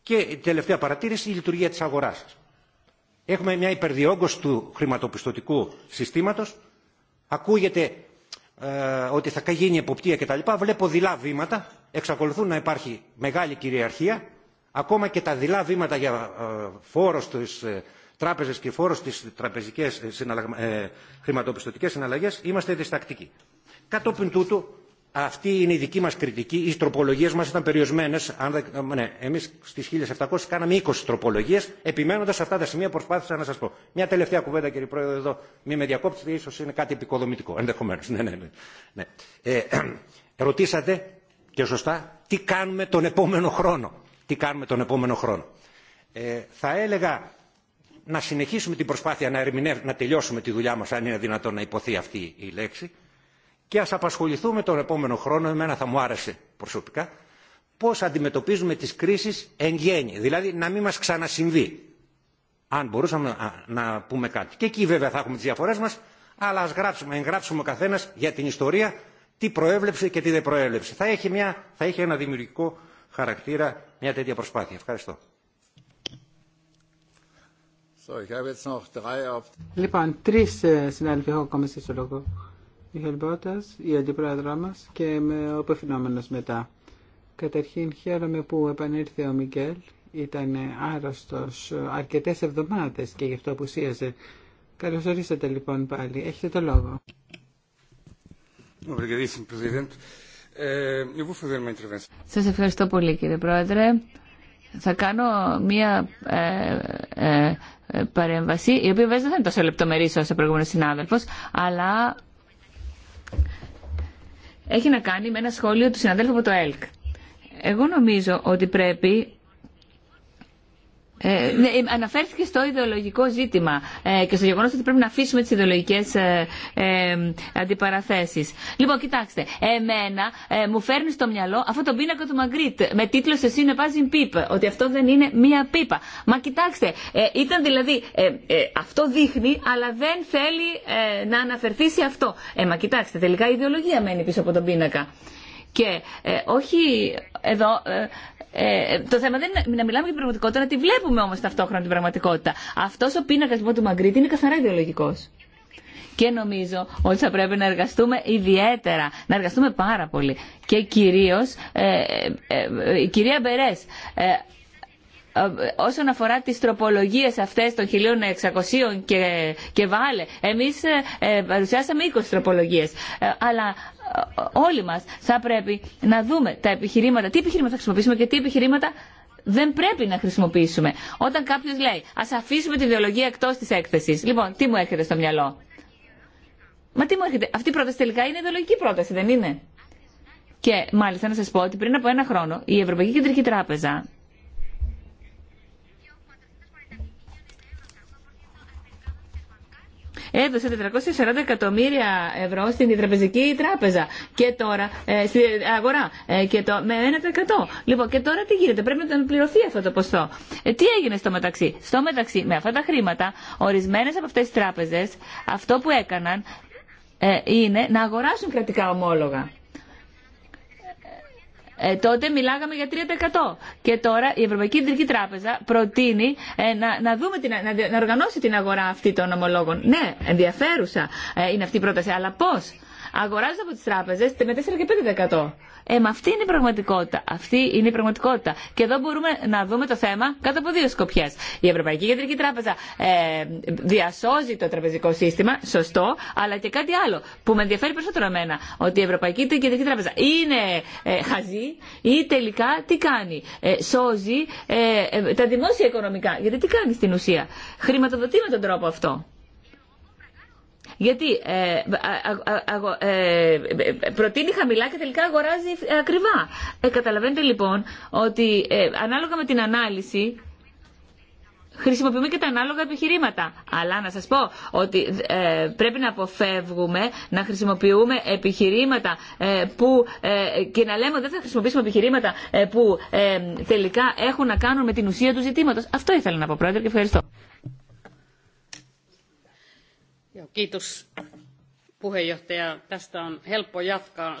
Και η τελευταία παρατήρηση, η λειτουργία της αγοράς. Έχουμε μια υπερδιόγκωση του χρηματοπιστωτικού συστήματος. Ακούγεται ε, ότι θα γίνει εποπτεία κτλ. Βλέπω δειλά βήματα. Εξακολουθούν να υπάρχει μεγάλη κυριαρχία. Ακόμα και τα δειλά βήματα για ε, φόρο στις ε, τράπεζες και φόρο στις τραπεζικές ε, ε, χρηματοπιστωτικές συναλλαγές είμαστε διστακτικοί. Κατόπιν τούτου αυτή είναι η δική μα κριτική. Οι τροπολογίε μα ήταν περιορισμένε. Αν, ε, ναι, εμείς στις 1700 κάναμε 20 τροπολογίες, επιμένοντας αυτά τα σημεία προσπάθησα να σα πω. Μια τελευταία κουβέντα κύριε Πρόεδρε εδώ, μη με διακόψετε, ίσω είναι κάτι επικοδομητικό ενδεχομένως. Ναι, ναι, ναι. ναι. Ε, ε, ρωτήσατε και σωστά τι κάνουμε τον επόμενο χρόνο. Τι κάνουμε τον επόμενο χρόνο. Ε, θα έλεγα να συνεχίσουμε την προσπάθεια να, να τελειώσουμε τη δουλειά μα αν είναι δυνατόν να υποθεί αυτή η λέξη και ας απασχοληθούμε τον επόμενο χρόνο, εμένα θα μου άρεσε προσωπικά, πώς αντιμετωπίζουμε τις κρίσεις εν γέννη, δηλαδή να μην μας ξανασυμβεί, αν μπορούσαμε να πούμε κάτι. Και εκεί βέβαια θα έχουμε τις διαφορές μας, αλλά ας γράψουμε, εγγράψουμε ο καθένας για την ιστορία τι προέβλεψε και τι δεν προέβλεψε. Θα έχει, μια, θα ένα δημιουργικό χαρακτήρα μια τέτοια προσπάθεια. Ευχαριστώ. Λοιπόν, τρεις ε, συνάδελφοι έχω ακόμα Μπότας, η αντιπρόεδρά μας και με ο απευθυνόμενος μετά. Καταρχήν χαίρομαι που επανήλθε ο Μικέλ, ήταν άρρωστος αρκετές εβδομάδες και γι' αυτό απουσίαζε. Καλώς ορίσατε λοιπόν πάλι, έχετε το λόγο. Σας ευχαριστώ πολύ κύριε Πρόεδρε. Θα κάνω μία ε, ε, ε παρέμβαση, η οποία βέβαια δεν θα είναι τόσο λεπτομερή όσο ο προηγούμενο συνάδελφο, αλλά έχει να κάνει με ένα σχόλιο του συναδέλφου από το ΕΛΚ. Εγώ νομίζω ότι πρέπει ε, ναι, ε, αναφέρθηκε στο ιδεολογικό ζήτημα ε, και στο γεγονό ότι πρέπει να αφήσουμε τι ιδεολογικέ ε, ε αντιπαραθέσει. Λοιπόν, κοιτάξτε, εμένα ε, μου φέρνει στο μυαλό αυτό το πίνακο του Μαγκρίτ με τίτλο «Σε είναι Πάζιν πίπ, ότι αυτό δεν είναι μία πίπα. Μα κοιτάξτε, ήταν δηλαδή αυτό δείχνει, αλλά δεν θέλει να αναφερθεί σε αυτό. Ε, μα κοιτάξτε, τελικά η ιδεολογία μένει πίσω από τον πίνακα. Και όχι εδώ ε, το θέμα δεν είναι να μιλάμε για την πραγματικότητα, να τη βλέπουμε όμω ταυτόχρονα την πραγματικότητα. Αυτό ο πίνακα λοιπόν, του Μαγκρίτη είναι καθαρά ιδεολογικό. Και νομίζω ότι θα πρέπει να εργαστούμε ιδιαίτερα, να εργαστούμε πάρα πολύ. Και κυρίω, ε, ε, ε, η κυρία Μπερέ, ε, όσον αφορά τις τροπολογίες αυτές των 1600 και, και βάλε, εμείς ε, ε, παρουσιάσαμε 20 τροπολογίες. Ε, αλλά όλοι μας θα πρέπει να δούμε τα επιχειρήματα, τι επιχειρήματα θα χρησιμοποιήσουμε και τι επιχειρήματα δεν πρέπει να χρησιμοποιήσουμε. Όταν κάποιο λέει, α αφήσουμε τη βιολογία εκτός της έκθεσης, Λοιπόν, τι μου έρχεται στο μυαλό. Μα τι μου έρχεται. Αυτή η πρόταση τελικά είναι ιδεολογική πρόταση, δεν είναι. Και μάλιστα να σα πω ότι πριν από ένα χρόνο η Ευρωπαϊκή Κεντρική Τράπεζα έδωσε 440 εκατομμύρια ευρώ στην τραπεζική τράπεζα και τώρα ε, στην αγορά ε, και το, με 1%. Λοιπόν, και τώρα τι γίνεται, πρέπει να πληρωθεί αυτό το ποστό. Ε, τι έγινε στο μεταξύ. Στο μεταξύ, με αυτά τα χρήματα, ορισμένε από αυτέ τις τράπεζε αυτό που έκαναν ε, είναι να αγοράσουν κρατικά ομόλογα. Ε, τότε μιλάγαμε για 3%. Και τώρα η Ευρωπαϊκή Κεντρική Τράπεζα προτείνει ε, να, να, δούμε την, να, να οργανώσει την αγορά αυτή των ομολόγων. Ναι, ενδιαφέρουσα ε, είναι αυτή η πρόταση, αλλά πώς αγοράζονται από τι τράπεζε με 4 και 5%. Ε, μα αυτή είναι η πραγματικότητα. Αυτή είναι η πραγματικότητα. Και εδώ μπορούμε να δούμε το θέμα κάτω από δύο σκοπιέ. Η Ευρωπαϊκή Κεντρική Τράπεζα ε, διασώζει το τραπεζικό σύστημα, σωστό, αλλά και κάτι άλλο που με ενδιαφέρει περισσότερο εμένα. Ότι η Ευρωπαϊκή Κεντρική Τράπεζα είναι ε, χαζή ή τελικά τι κάνει. Ε, σώζει ε, ε τα δημόσια οικονομικά. Γιατί τι κάνει στην ουσία. Χρηματοδοτεί με τον τρόπο αυτό. Γιατί ε, ε, προτείνει χαμηλά και τελικά αγοράζει ακριβά. Ε, καταλαβαίνετε λοιπόν ότι ε, ανάλογα με την ανάλυση χρησιμοποιούμε και τα ανάλογα επιχειρήματα. Αλλά να σας πω ότι ε, πρέπει να αποφεύγουμε να χρησιμοποιούμε επιχειρήματα ε, που, και να λέμε ότι δεν θα χρησιμοποιήσουμε επιχειρήματα που τελικά έχουν να κάνουν με την ουσία του ζητήματος. Αυτό ήθελα να πω, Πρόεδρε, και ευχαριστώ. Kiitos on helppo jatkaa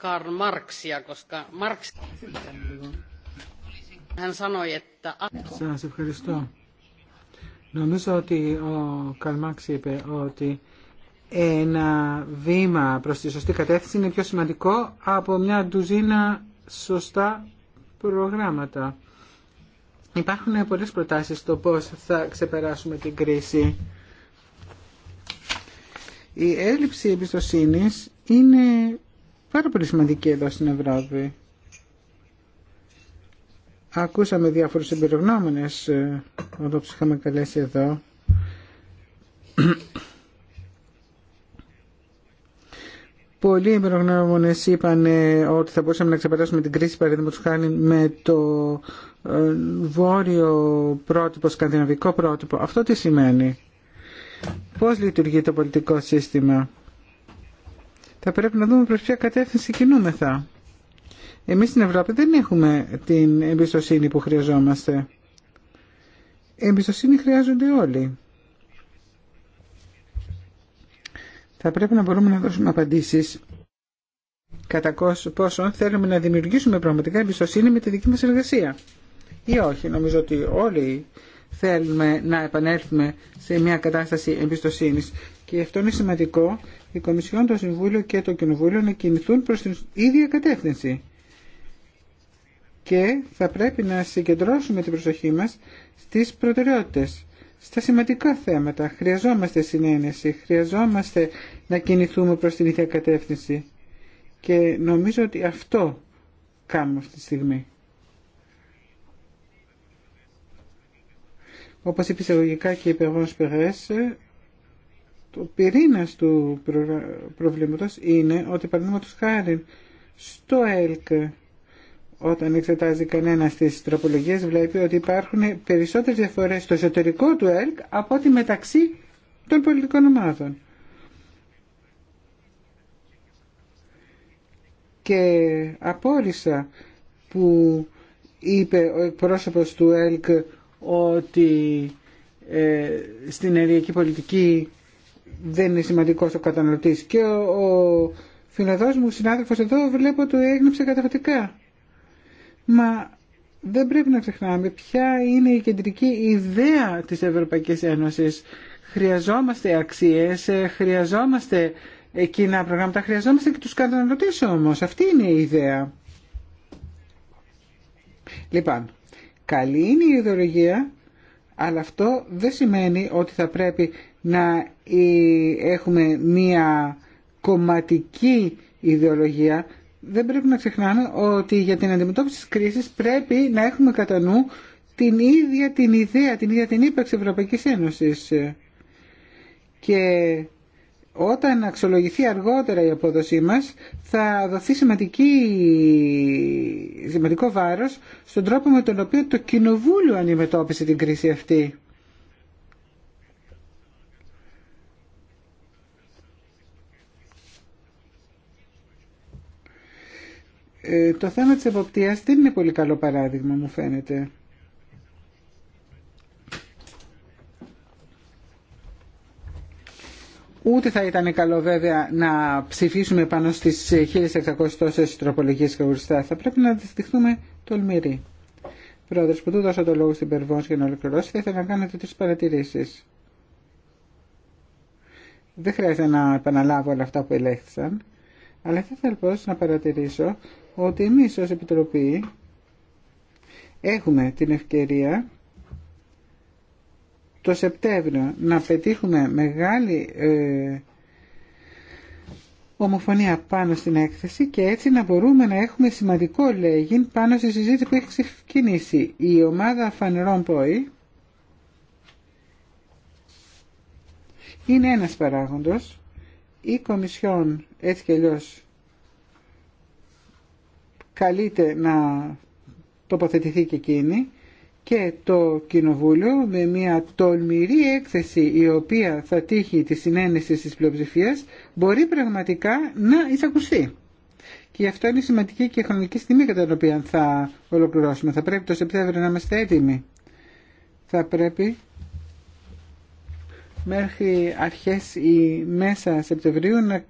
Karl Marxia, koska hän sanoi, että... ευχαριστώ. Νομίζω ότι ο Καρμάξ είπε ότι ένα βήμα προς τη σωστή κατεύθυνση είναι πιο σημαντικό από μια ντουζίνα σωστά προγράμματα. Υπάρχουν πολλές προτάσεις στο πώς θα ξεπεράσουμε την κρίση. Η έλλειψη εμπιστοσύνη είναι πάρα πολύ σημαντική εδώ στην Ευρώπη. Ακούσαμε διάφορους εμπειρογνώμονες ε, όταν τους είχαμε καλέσει εδώ. Πολλοί εμπειρογνώμονε είπαν ε, ότι θα μπορούσαμε να ξεπεράσουμε την κρίση παραδείγματο χάρη με το ε, βόρειο πρότυπο, σκανδιναβικό πρότυπο. Αυτό τι σημαίνει πώς λειτουργεί το πολιτικό σύστημα. Θα πρέπει να δούμε προς ποια κατεύθυνση κινούμεθα. Εμείς στην Ευρώπη δεν έχουμε την εμπιστοσύνη που χρειαζόμαστε. Εμπιστοσύνη χρειάζονται όλοι. Θα πρέπει να μπορούμε να δώσουμε απαντήσεις κατά πόσο θέλουμε να δημιουργήσουμε πραγματικά εμπιστοσύνη με τη δική μας εργασία. Ή όχι, νομίζω ότι όλοι θέλουμε να επανέλθουμε σε μια κατάσταση εμπιστοσύνης. Και αυτό είναι σημαντικό η Κομισιόν, το Συμβούλιο και το Κοινοβούλιο να κινηθούν προς την ίδια κατεύθυνση. Και θα πρέπει να συγκεντρώσουμε την προσοχή μας στις προτεραιότητες, στα σημαντικά θέματα. Χρειαζόμαστε συνένεση, χρειαζόμαστε να κινηθούμε προς την ίδια κατεύθυνση. Και νομίζω ότι αυτό κάνουμε αυτή τη στιγμή. Όπω είπε εισαγωγικά και η Περβόνς το το πυρήνα του προβλήματο είναι ότι παραδείγματο χάρη στο ΕΛΚ όταν εξετάζει κανένα τις τροπολογίε, βλέπει ότι υπάρχουν περισσότερες διαφορέ στο εσωτερικό του ΕΛΚ από ότι μεταξύ των πολιτικών ομάδων. Και απόρρισα που είπε ο εκπρόσωπος του ΕΛΚ ότι ε, στην ενεργειακή πολιτική δεν είναι σημαντικό ο καταναλωτής και ο φιλοδός μου συνάδελφος εδώ βλέπω ότι έγνεψε καταφατικά. Μα δεν πρέπει να ξεχνάμε ποια είναι η κεντρική ιδέα της Ευρωπαϊκής Ένωσης. Χρειαζόμαστε αξίες, ε, χρειαζόμαστε κοινά προγράμματα, χρειαζόμαστε και τους καταναλωτές όμως. Αυτή είναι η ιδέα. Λοιπόν, Καλή είναι η ιδεολογία, αλλά αυτό δεν σημαίνει ότι θα πρέπει να ε, έχουμε μία κομματική ιδεολογία. Δεν πρέπει να ξεχνάμε ότι για την αντιμετώπιση της κρίσης πρέπει να έχουμε κατά νου την ίδια την ιδέα, την ίδια την ύπαρξη Ευρωπαϊκής Ένωσης. Και όταν αξιολογηθεί αργότερα η απόδοσή μας θα δοθεί σημαντική, σημαντικό βάρος στον τρόπο με τον οποίο το Κοινοβούλιο αντιμετώπισε την κρίση αυτή. Ε, το θέμα της εποπτείας δεν είναι πολύ καλό παράδειγμα μου φαίνεται. Ούτε θα ήταν καλό βέβαια να ψηφίσουμε πάνω στις 1600 ε, τόσες τροπολογίες χωριστά. Θα πρέπει να αντιστοιχθούμε τολμηροί. Πρόεδρο, που του δώσα το λόγο στην Περβόνς για να ολοκληρώσει, θα ήθελα να κάνω τρεις παρατηρήσεις. Δεν χρειάζεται να επαναλάβω όλα αυτά που ελέγχθησαν, αλλά θα ήθελα πώς να παρατηρήσω ότι εμείς ως Επιτροπή έχουμε την ευκαιρία το Σεπτέμβριο να πετύχουμε μεγάλη ε, ομοφωνία πάνω στην έκθεση και έτσι να μπορούμε να έχουμε σημαντικό λέγειν πάνω στη συζήτηση που έχει ξεκινήσει η ομάδα Φανερών Πόη είναι ένας παράγοντος η Κομισιόν έτσι και αλλιώς καλείται να τοποθετηθεί και εκείνη και το Κοινοβούλιο με μια τολμηρή έκθεση η οποία θα τύχει τη συνένεση της πλειοψηφίας μπορεί πραγματικά να εισακουστεί. Και γι' αυτό είναι σημαντική και χρονική στιγμή κατά την οποία θα ολοκληρώσουμε. Θα πρέπει το Σεπτέμβριο να είμαστε έτοιμοι. Θα πρέπει μέχρι αρχές ή μέσα Σεπτεμβρίου να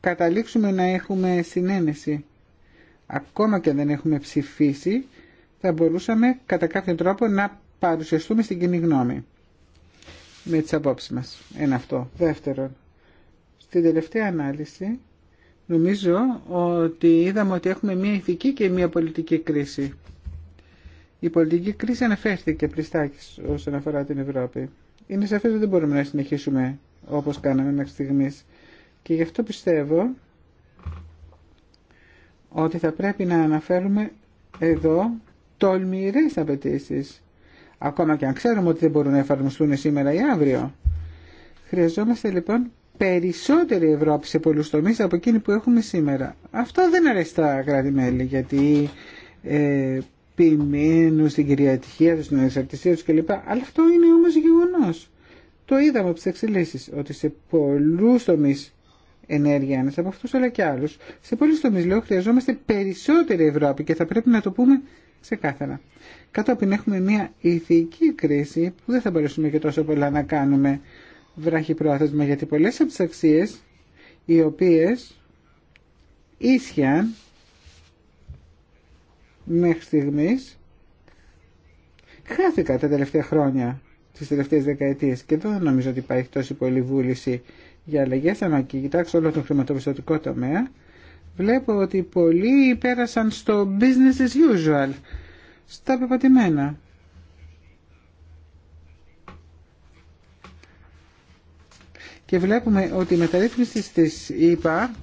καταλήξουμε να έχουμε συνένεση. Ακόμα και αν δεν έχουμε ψηφίσει, θα μπορούσαμε κατά κάποιο τρόπο να παρουσιαστούμε στην κοινή γνώμη με τις απόψεις μας. Ένα αυτό. Δεύτερον, στην τελευταία ανάλυση νομίζω ότι είδαμε ότι έχουμε μια ηθική και μια πολιτική κρίση. Η πολιτική κρίση αναφέρθηκε πριστάκι όσον αφορά την Ευρώπη. Είναι σαφές ότι δεν μπορούμε να συνεχίσουμε όπως κάναμε μέχρι στιγμής. Και γι' αυτό πιστεύω ότι θα πρέπει να αναφέρουμε εδώ τολμηρές απαιτήσει. Ακόμα και αν ξέρουμε ότι δεν μπορούν να εφαρμοστούν σήμερα ή αύριο. Χρειαζόμαστε λοιπόν περισσότερη Ευρώπη σε πολλού τομεί από εκείνη που έχουμε σήμερα. Αυτό δεν αρέσει τα κράτη-μέλη γιατί ε, στην κυριαρχία του, στην ανεξαρτησία του κλπ. Αλλά αυτό είναι όμω γεγονό. Το είδαμε από τι εξελίσσει ότι σε πολλού τομεί ενέργεια ένα από αυτού αλλά και άλλου, σε πολλού τομεί λέω χρειαζόμαστε περισσότερη Ευρώπη και θα πρέπει να το πούμε Ξεκάθαρα. Κατόπιν έχουμε μια ηθική κρίση που δεν θα μπορέσουμε και τόσο πολλά να κάνουμε βράχη πρόθεσμα γιατί πολλές από τις αξίες οι οποίες ίσιαν μέχρι στιγμής χάθηκαν τα τελευταία χρόνια τις τελευταίες δεκαετίες και δεν νομίζω ότι υπάρχει τόση πολύ βούληση για αλλαγές αλλά και κοιτάξω όλο τον χρηματοπιστωτικό τομέα Βλέπω ότι πολλοί πέρασαν στο business as usual, στα πεπατημένα. Και βλέπουμε ότι η μεταρρύθμιση της ΕΠΑ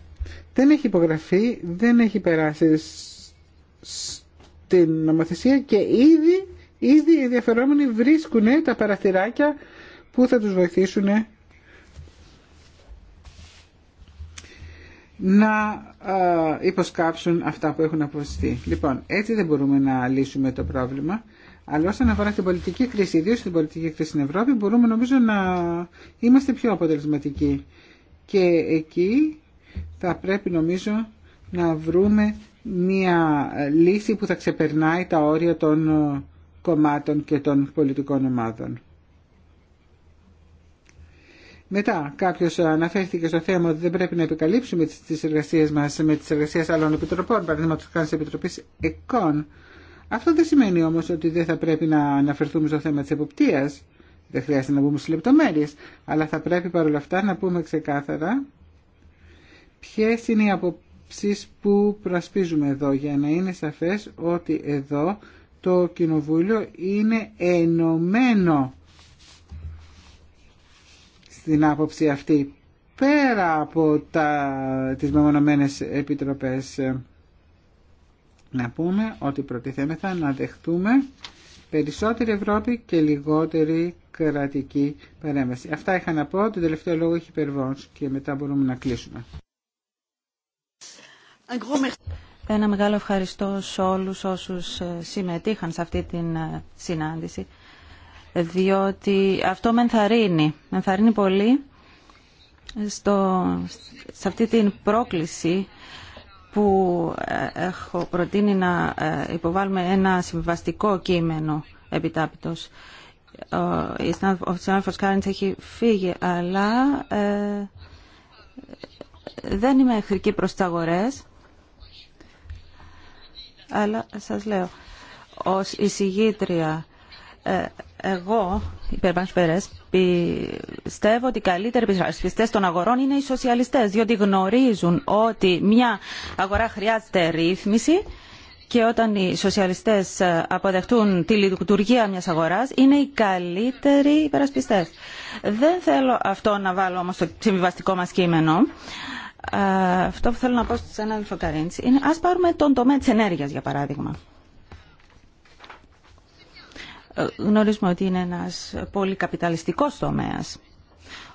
δεν έχει υπογραφεί, δεν έχει περάσει στην νομοθεσία και ήδη, ήδη οι ενδιαφερόμενοι βρίσκουν τα παραθυράκια που θα τους βοηθήσουν να ε, υποσκάψουν αυτά που έχουν αποφασιστεί. Λοιπόν, έτσι δεν μπορούμε να λύσουμε το πρόβλημα. Αλλά όσον αφορά την πολιτική κρίση, ιδίω την πολιτική κρίση στην Ευρώπη, μπορούμε νομίζω να είμαστε πιο αποτελεσματικοί. Και εκεί θα πρέπει νομίζω να βρούμε μια λύση που θα ξεπερνάει τα όρια των κομμάτων και των πολιτικών ομάδων. Μετά κάποιο αναφέρθηκε στο θέμα ότι δεν πρέπει να επικαλύψουμε τι εργασίε μα με τι εργασίε άλλων επιτροπών, παραδείγματο χάρη τη Επιτροπή ΕΚΟΝ. Αυτό δεν σημαίνει όμω ότι δεν θα πρέπει να αναφερθούμε στο θέμα τη εποπτεία. Δεν χρειάζεται να μπούμε στι λεπτομέρειε. Αλλά θα πρέπει παρόλα αυτά να πούμε ξεκάθαρα ποιε είναι οι απόψει που προσπίζουμε εδώ, για να είναι σαφέ ότι εδώ το Κοινοβούλιο είναι ενωμένο στην άποψη αυτή πέρα από τα, τις μεμονωμένες επιτροπές να πούμε ότι προτιθέμεθα να δεχτούμε περισσότερη Ευρώπη και λιγότερη κρατική παρέμβαση. Αυτά είχα να πω, τον τελευταίο λόγο έχει υπερβόνς και μετά μπορούμε να κλείσουμε. Ένα μεγάλο ευχαριστώ σε όλους όσους συμμετείχαν σε αυτή την ε, συνάντηση διότι αυτό με ενθαρρύνει. Με ενθαρρύνει πολύ στο, σε αυτή την πρόκληση που ε, έχω προτείνει να ε, υποβάλουμε ένα συμβαστικό κείμενο επιτάπητος. Ο συνάδελφος Κάριντς έχει φύγει, αλλά ε, δεν είμαι εχθρική προς τις αγορές, αλλά σας λέω, ως εισηγήτρια ε, εγώ, πιστεύω ότι οι καλύτεροι υπερασπιστές των αγορών είναι οι σοσιαλιστές, διότι γνωρίζουν ότι μια αγορά χρειάζεται ρύθμιση και όταν οι σοσιαλιστές ε, αποδεχτούν τη λειτουργία μιας αγοράς είναι οι καλύτεροι υπερασπιστές. Δεν θέλω αυτό να βάλω όμως στο συμβιβαστικό μας κείμενο. Ε, αυτό που θέλω να πω στους έναν είναι ας πάρουμε τον τομέα της ενέργειας για παράδειγμα γνωρίζουμε ότι είναι ένας πολύ καπιταλιστικός τομέας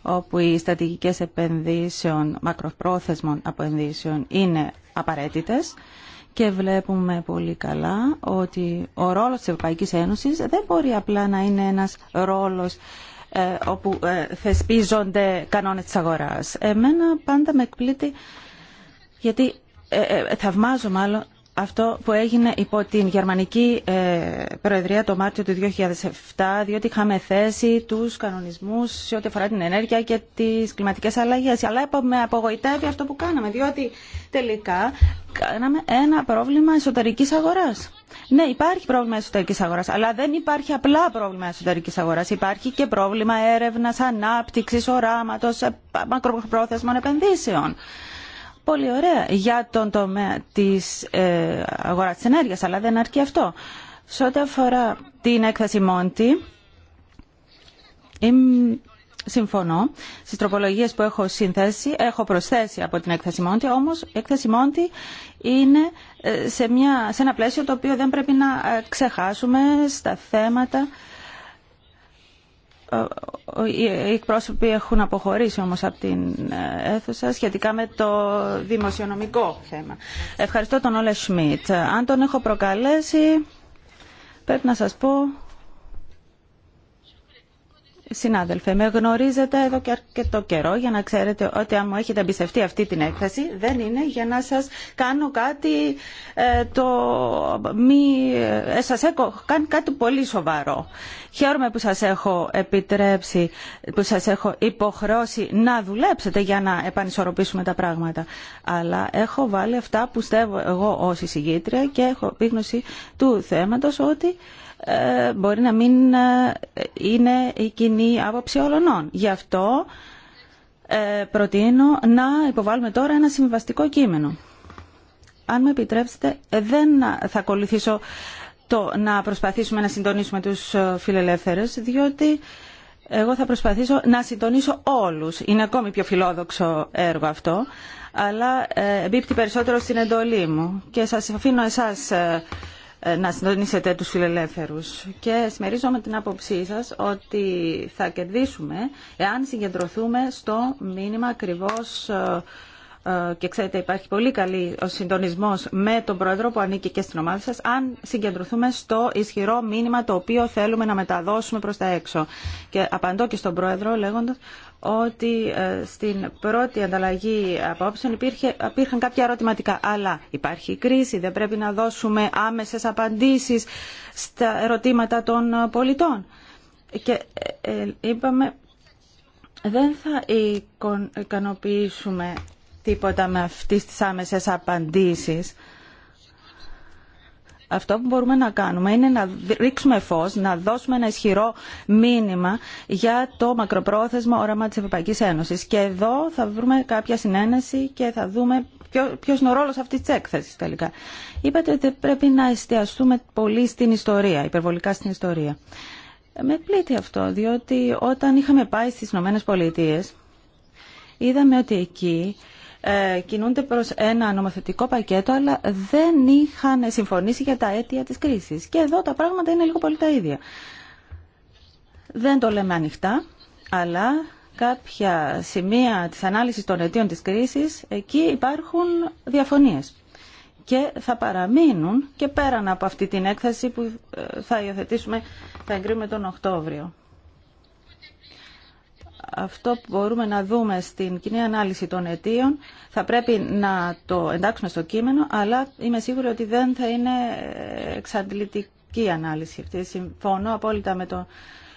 όπου οι στατικικές επενδύσεων, μακροπρόθεσμων επενδύσεων είναι απαραίτητες και βλέπουμε πολύ καλά ότι ο ρόλος της Ευρωπαϊκής Ένωσης δεν μπορεί απλά να είναι ένας ρόλος ε, όπου ε, θεσπίζονται κανόνες της αγοράς. Εμένα πάντα με εκπλήττει, γιατί ε, θαυμάζω μάλλον αυτό που έγινε υπό την Γερμανική ε, Προεδρία το Μάρτιο του 2007, διότι είχαμε θέσει του κανονισμού σε ό,τι αφορά την ενέργεια και τι κλιματικέ αλλαγέ. Αλλά με απογοητεύει αυτό που κάναμε, διότι τελικά κάναμε ένα πρόβλημα εσωτερική αγορά. Ναι, υπάρχει πρόβλημα εσωτερική αγορά, αλλά δεν υπάρχει απλά πρόβλημα εσωτερική αγορά. Υπάρχει και πρόβλημα έρευνα, ανάπτυξης, οράματος, ε, μακροπρόθεσμων επενδύσεων πολύ ωραία για τον τομέα της ε, αγοράς της ενέργειας, αλλά δεν αρκεί αυτό. Σε ό,τι αφορά την έκθεση Μόντι, συμφωνώ. στι τροπολογίε που έχω συνθέσει, έχω προσθέσει από την έκθεση Μόντι, όμως η έκθεση Μόντι είναι ε, σε, μια, σε ένα πλαίσιο το οποίο δεν πρέπει να ε, ξεχάσουμε στα θέματα οι εκπρόσωποι έχουν αποχωρήσει όμως από την ε, αίθουσα σχετικά με το δημοσιονομικό θέμα. Ευχαριστώ τον Όλε Σμιτ. Αν τον έχω προκαλέσει, πρέπει να σας πω Συνάδελφε, με γνωρίζετε εδώ και αρκετό καιρό για να ξέρετε ότι αν μου έχετε εμπιστευτεί αυτή την έκθεση δεν είναι για να σας κάνω κάτι ε, το μη... Ε, σας έχω κάνει κάτι πολύ σοβαρό. Χαίρομαι που σας έχω επιτρέψει, που σας έχω υποχρεώσει να δουλέψετε για να επανισορροπήσουμε τα πράγματα. Αλλά έχω βάλει αυτά που στεύω εγώ ως εισηγήτρια και έχω πείγνωση του θέματος ότι ε, μπορεί να μην ε, είναι η κοινή άποψη όλων. Γι' αυτό ε, προτείνω να υποβάλουμε τώρα ένα συμβαστικό κείμενο. Αν με επιτρέψετε, δεν θα ακολουθήσω το να προσπαθήσουμε να συντονίσουμε τους φιλελεύθερες, διότι εγώ θα προσπαθήσω να συντονίσω όλους. Είναι ακόμη πιο φιλόδοξο έργο αυτό, αλλά εμπίπτει περισσότερο στην εντολή μου. Και σας αφήνω εσάς ε, να συντονίσετε τους φιλελεύθερους. Και συμμερίζομαι την άποψή σας ότι θα κερδίσουμε εάν συγκεντρωθούμε στο μήνυμα ακριβώς ε, ε, και ξέρετε υπάρχει πολύ καλή ο συντονισμός με τον Πρόεδρο που ανήκει και στην ομάδα σας αν συγκεντρωθούμε στο ισχυρό μήνυμα το οποίο θέλουμε να μεταδώσουμε προς τα έξω. Και απαντώ και στον Πρόεδρο λέγοντας ότι ε, στην πρώτη ανταλλαγή απόψεων υπήρχε, υπήρχαν κάποια ερωτηματικά. Αλλά υπάρχει κρίση, δεν πρέπει να δώσουμε άμεσες απαντήσεις στα ερωτήματα των πολιτών. Και ε, είπαμε δεν θα ικανοποιήσουμε τίποτα με αυτές τις άμεσες απαντήσεις. Αυτό που μπορούμε να κάνουμε είναι να ρίξουμε φως, να δώσουμε ένα ισχυρό μήνυμα για το μακροπρόθεσμο όραμα της Ευρωπαϊκής Ένωσης. Και εδώ θα βρούμε κάποια συνένεση και θα δούμε ποιο είναι ο ρόλος αυτής της έκθεσης τελικά. Είπατε ότι πρέπει να εστιαστούμε πολύ στην ιστορία, υπερβολικά στην ιστορία. Με πλήττει αυτό, διότι όταν είχαμε πάει στις Ηνωμένες Πολιτείες, είδαμε ότι εκεί ε, κινούνται προ ένα νομοθετικό πακέτο, αλλά δεν είχαν συμφωνήσει για τα αίτια της κρίση. Και εδώ τα πράγματα είναι λίγο πολύ τα ίδια. Δεν το λέμε ανοιχτά, αλλά κάποια σημεία της ανάλυση των αιτίων της κρίση εκεί υπάρχουν διαφωνίε. Και θα παραμείνουν και πέραν από αυτή την έκθεση που ε, θα υιοθετήσουμε, θα εγκρίνουμε τον Οκτώβριο αυτό που μπορούμε να δούμε στην κοινή ανάλυση των αιτίων θα πρέπει να το εντάξουμε στο κείμενο, αλλά είμαι σίγουρη ότι δεν θα είναι εξαντλητική ανάλυση αυτή. Συμφωνώ απόλυτα με τον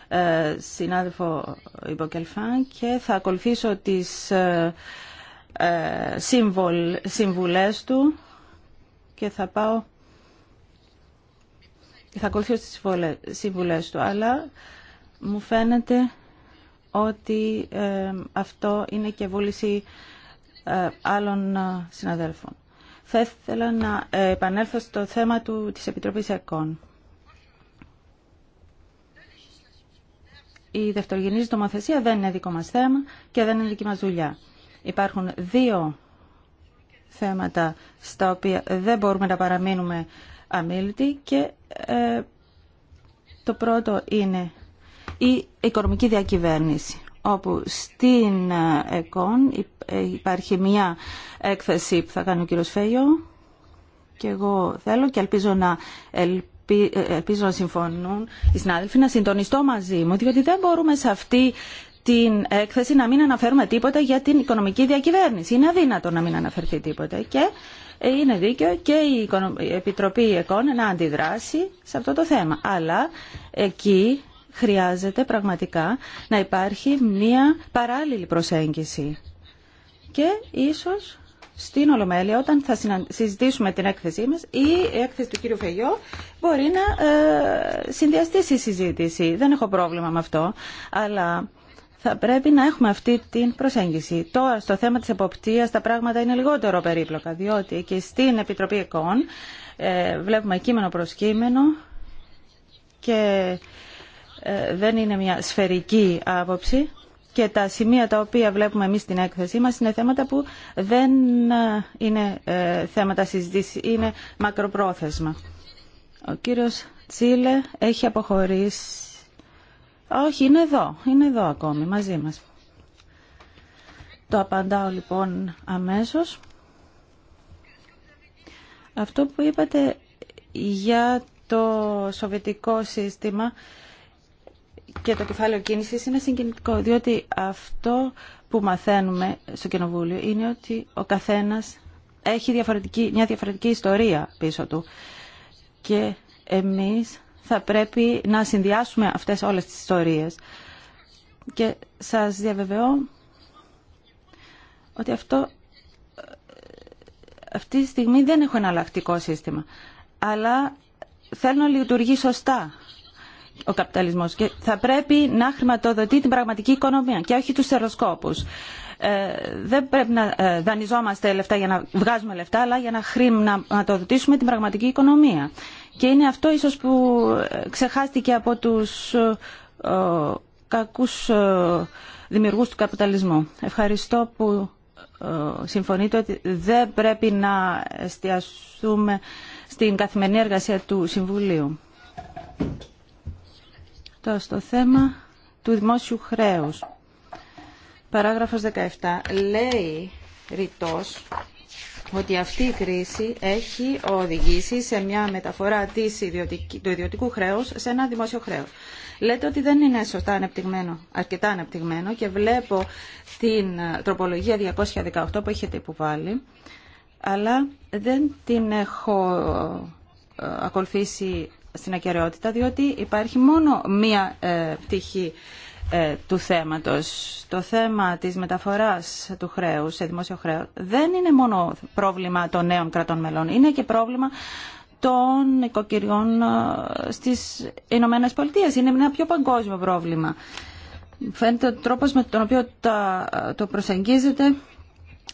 ε, συνάδελφο Ιμποκελφάν και θα ακολουθήσω τις ε, ε, συμβουλές του και θα πάω θα ακολουθήσω τις συμβουλές του, αλλά μου φαίνεται ότι ε, αυτό είναι και βούληση ε, άλλων ε, συναδέλφων. Θα ήθελα να επανέλθω στο θέμα του, της Επιτροπής ΕΚΟΝ. Η δευτερογενής ζητομοθεσία δεν είναι δικό μας θέμα και δεν είναι δική μας δουλειά. Υπάρχουν δύο θέματα στα οποία δεν μπορούμε να παραμείνουμε αμήλυτοι και το πρώτο είναι η οικονομική διακυβέρνηση όπου στην ε, ΕΚΟΝ ε, υπάρχει μια έκθεση που θα κάνει ο κύριος Φέγιο και εγώ θέλω και ελπίζω να, ε, ελπίζω να συμφωνούν οι συνάδελφοι να συντονιστώ μαζί μου διότι δεν μπορούμε σε αυτή την έκθεση να μην αναφέρουμε τίποτα για την οικονομική διακυβέρνηση. Είναι αδύνατο να μην αναφερθεί τίποτα και είναι δίκαιο και η Επιτροπή ΕΚΟΝ να αντιδράσει σε αυτό το θέμα. Αλλά εκεί χρειάζεται πραγματικά να υπάρχει μία παράλληλη προσέγγιση. Και ίσως στην Ολομέλεια, όταν θα συζητήσουμε την έκθεσή μας, η έκθεση του κύριου Φεγιό μπορεί να ε, συνδυαστεί στη συζήτηση. Δεν έχω πρόβλημα με αυτό, αλλά θα πρέπει να έχουμε αυτή την προσέγγιση. Τώρα, στο θέμα της εποπτείας, τα πράγματα είναι λιγότερο περίπλοκα, διότι και στην Επιτροπή ΕΚΟΝ ε, βλέπουμε κείμενο προς κείμενο και ε, δεν είναι μια σφαιρική άποψη και τα σημεία τα οποία βλέπουμε εμείς στην έκθεσή μας είναι θέματα που δεν ε, είναι ε, θέματα συζήτηση, είναι μακροπρόθεσμα. Ο κύριος Τσίλε έχει αποχωρήσει. Όχι, είναι εδώ, είναι εδώ ακόμη μαζί μας. Το απαντάω λοιπόν αμέσως. Αυτό που είπατε για το σοβιετικό σύστημα και το κεφάλαιο κίνησης είναι συγκινητικό, διότι αυτό που μαθαίνουμε στο Κοινοβούλιο είναι ότι ο καθένας έχει διαφορετική, μια διαφορετική ιστορία πίσω του. Και εμείς θα πρέπει να συνδυάσουμε αυτές όλες τις ιστορίες. Και σας διαβεβαιώ ότι αυτό, αυτή τη στιγμή δεν έχω εναλλακτικό σύστημα. Αλλά θέλω να λειτουργεί σωστά ο καπιταλισμός και θα πρέπει να χρηματοδοτεί την πραγματική οικονομία και όχι τους θεροσκόπους. Ε, δεν πρέπει να ε, δανειζόμαστε λεφτά για να βγάζουμε λεφτά, αλλά για να χρηματοδοτήσουμε την πραγματική οικονομία. Και είναι αυτό ίσως που ε, ξεχάστηκε από τους ε, ε, κακούς δημιουργούς του καπιταλισμού. Ευχαριστώ που συμφωνείτε ότι δεν πρέπει να εστιαστούμε στην καθημερινή εργασία του Συμβουλίου. Τώρα στο θέμα του δημόσιου χρέους. Παράγραφος 17 λέει ρητός ότι αυτή η κρίση έχει οδηγήσει σε μια μεταφορά της του ιδιωτικού χρέους σε ένα δημόσιο χρέος. Λέτε ότι δεν είναι σωστά ανεπτυγμένο, αρκετά ανεπτυγμένο και βλέπω την ε, τροπολογία 218 που έχετε υποβάλει, αλλά δεν την έχω ε, ακολουθήσει στην ακαιρεότητα διότι υπάρχει μόνο μία ε, πτυχή ε, του θέματος. Το θέμα της μεταφοράς του χρέους σε δημόσιο χρέο δεν είναι μόνο πρόβλημα των νέων κρατών μελών, είναι και πρόβλημα των οικοκυριών ε, στις Ηνωμένε Πολιτείε. Είναι ένα πιο παγκόσμιο πρόβλημα. Φαίνεται ο τρόπος με τον οποίο το προσεγγίζεται.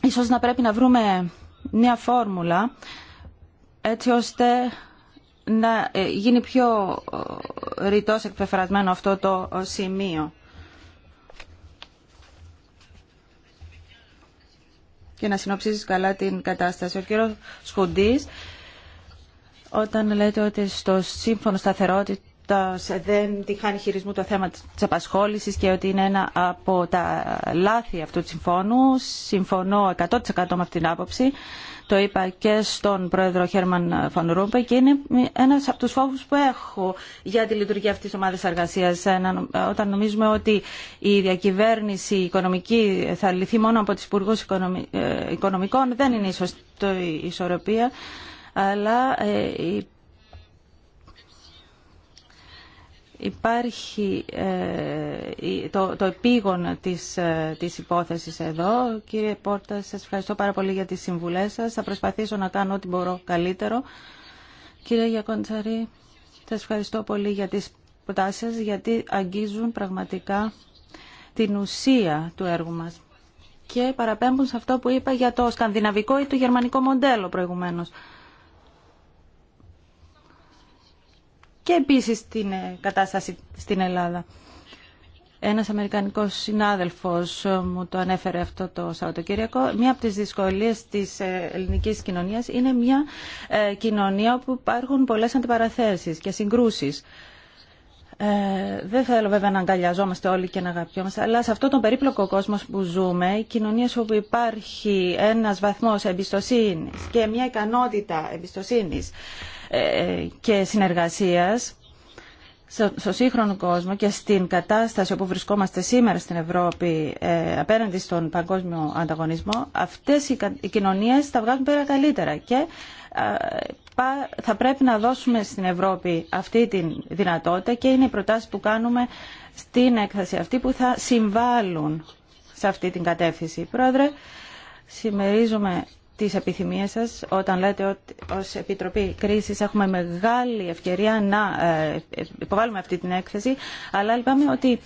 Ίσως να πρέπει να βρούμε μια φόρμουλα έτσι ώστε να ε, γίνει πιο ε, ρητός εκπεφρασμένο αυτό το ε, σημείο. Και να συνοψίσεις καλά την κατάσταση. Ο κύριος Σκουντής, όταν λέτε ότι στο σύμφωνο σταθερότητα δεν τη χειρισμού το θέμα της απασχόλησης και ότι είναι ένα από τα λάθη αυτού του συμφώνου. Συμφωνώ 100% με αυτήν την άποψη. Το είπα και στον πρόεδρο Χέρμαν Φαν και είναι ένας από τους φόβους που έχω για τη λειτουργία αυτής της ομάδας εργασίας. Όταν νομίζουμε ότι η διακυβέρνηση οικονομική θα λυθεί μόνο από τις υπουργού ε, οικονομικών, δεν είναι η σωστή ισορροπία αλλά ε, υπάρχει ε, το, επίγον της, ε, της υπόθεσης εδώ. Κύριε Πόρτα, σας ευχαριστώ πάρα πολύ για τις συμβουλές σας. Θα προσπαθήσω να κάνω ό,τι μπορώ καλύτερο. Κύριε Γιακοντσαρή, σας ευχαριστώ πολύ για τις προτάσεις γιατί αγγίζουν πραγματικά την ουσία του έργου μας. Και παραπέμπουν σε αυτό που είπα για το σκανδιναβικό ή το γερμανικό μοντέλο προηγουμένως. και επίσης την ε, κατάσταση στην Ελλάδα. Ένας Αμερικανικός συνάδελφος ε, μου το ανέφερε αυτό το Σαββατοκύριακο. Μία από τις δυσκολίες της ε, ελληνικής κοινωνίας είναι μια κοινωνία όπου υπάρχουν πολλές αντιπαραθέσεις και συγκρούσεις. Ε, δεν θέλω βέβαια να αγκαλιαζόμαστε όλοι και να αγαπιόμαστε, αλλά σε αυτόν τον περίπλοκο κόσμο που ζούμε, οι κοινωνίε όπου υπάρχει ένα βαθμό εμπιστοσύνη και μια ικανότητα εμπιστοσύνη ε, ε, και συνεργασία, στο σύγχρονο κόσμο και στην κατάσταση όπου βρισκόμαστε σήμερα στην Ευρώπη ε, απέναντι στον παγκόσμιο ανταγωνισμό, αυτές οι, οι κοινωνίες θα βγάζουν πέρα καλύτερα και ε, θα πρέπει να δώσουμε στην Ευρώπη αυτή τη δυνατότητα και είναι οι προτάσεις που κάνουμε στην έκθεση αυτή που θα συμβάλλουν σε αυτή την κατεύθυνση. Πρόεδρε, τις επιθυμίες σας όταν λέτε ότι ως Επιτροπή Κρίσης έχουμε μεγάλη ευκαιρία να ε, υποβάλουμε αυτή την έκθεση, αλλά λυπάμαι ότι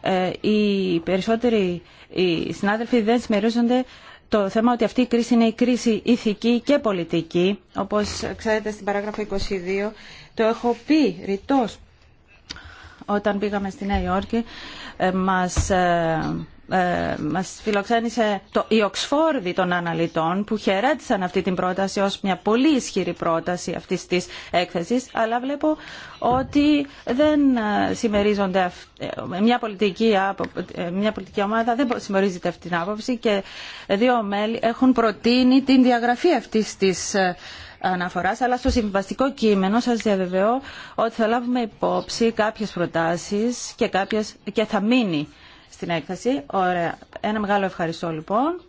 ε, οι περισσότεροι οι συνάδελφοι δεν συμμερίζονται το θέμα ότι αυτή η κρίση είναι η κρίση ηθική και πολιτική, όπως ξέρετε στην παράγραφο 22, το έχω πει ρητός όταν πήγαμε στη Νέα Υόρκη, ε, μας ε, μας φιλοξένησε το, η Οξφόρδη των αναλυτών που χαιρέτησαν αυτή την πρόταση ως μια πολύ ισχυρή πρόταση αυτής της έκθεσης αλλά βλέπω ότι δεν ε, συμμερίζονται ε, μια, πολιτική, μια πολιτική ομάδα δεν συμμερίζεται αυτή την άποψη και δύο μέλη έχουν προτείνει την διαγραφή αυτής της αναφοράς αλλά στο συμβαστικό κείμενο σας διαβεβαιώ ότι θα λάβουμε υπόψη κάποιες προτάσεις και, και θα μείνει στην έκθεση. Ωραία. Ένα μεγάλο ευχαριστώ λοιπόν.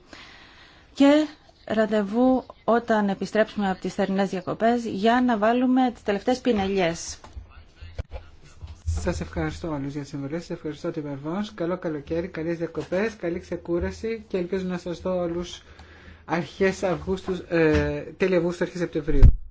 Και ραντεβού όταν επιστρέψουμε από τις θερινές διακοπές για να βάλουμε τις τελευταίες πινελιές. Σας ευχαριστώ όλους για τις συμβουλές. Σας ευχαριστώ την Περβόνς. Καλό καλοκαίρι, καλές διακοπές, καλή ξεκούραση και ελπίζω να σας δω όλους αρχές Αυγούστου, ε, τέλη Αυγούστου, αρχές Σεπτεμβρίου.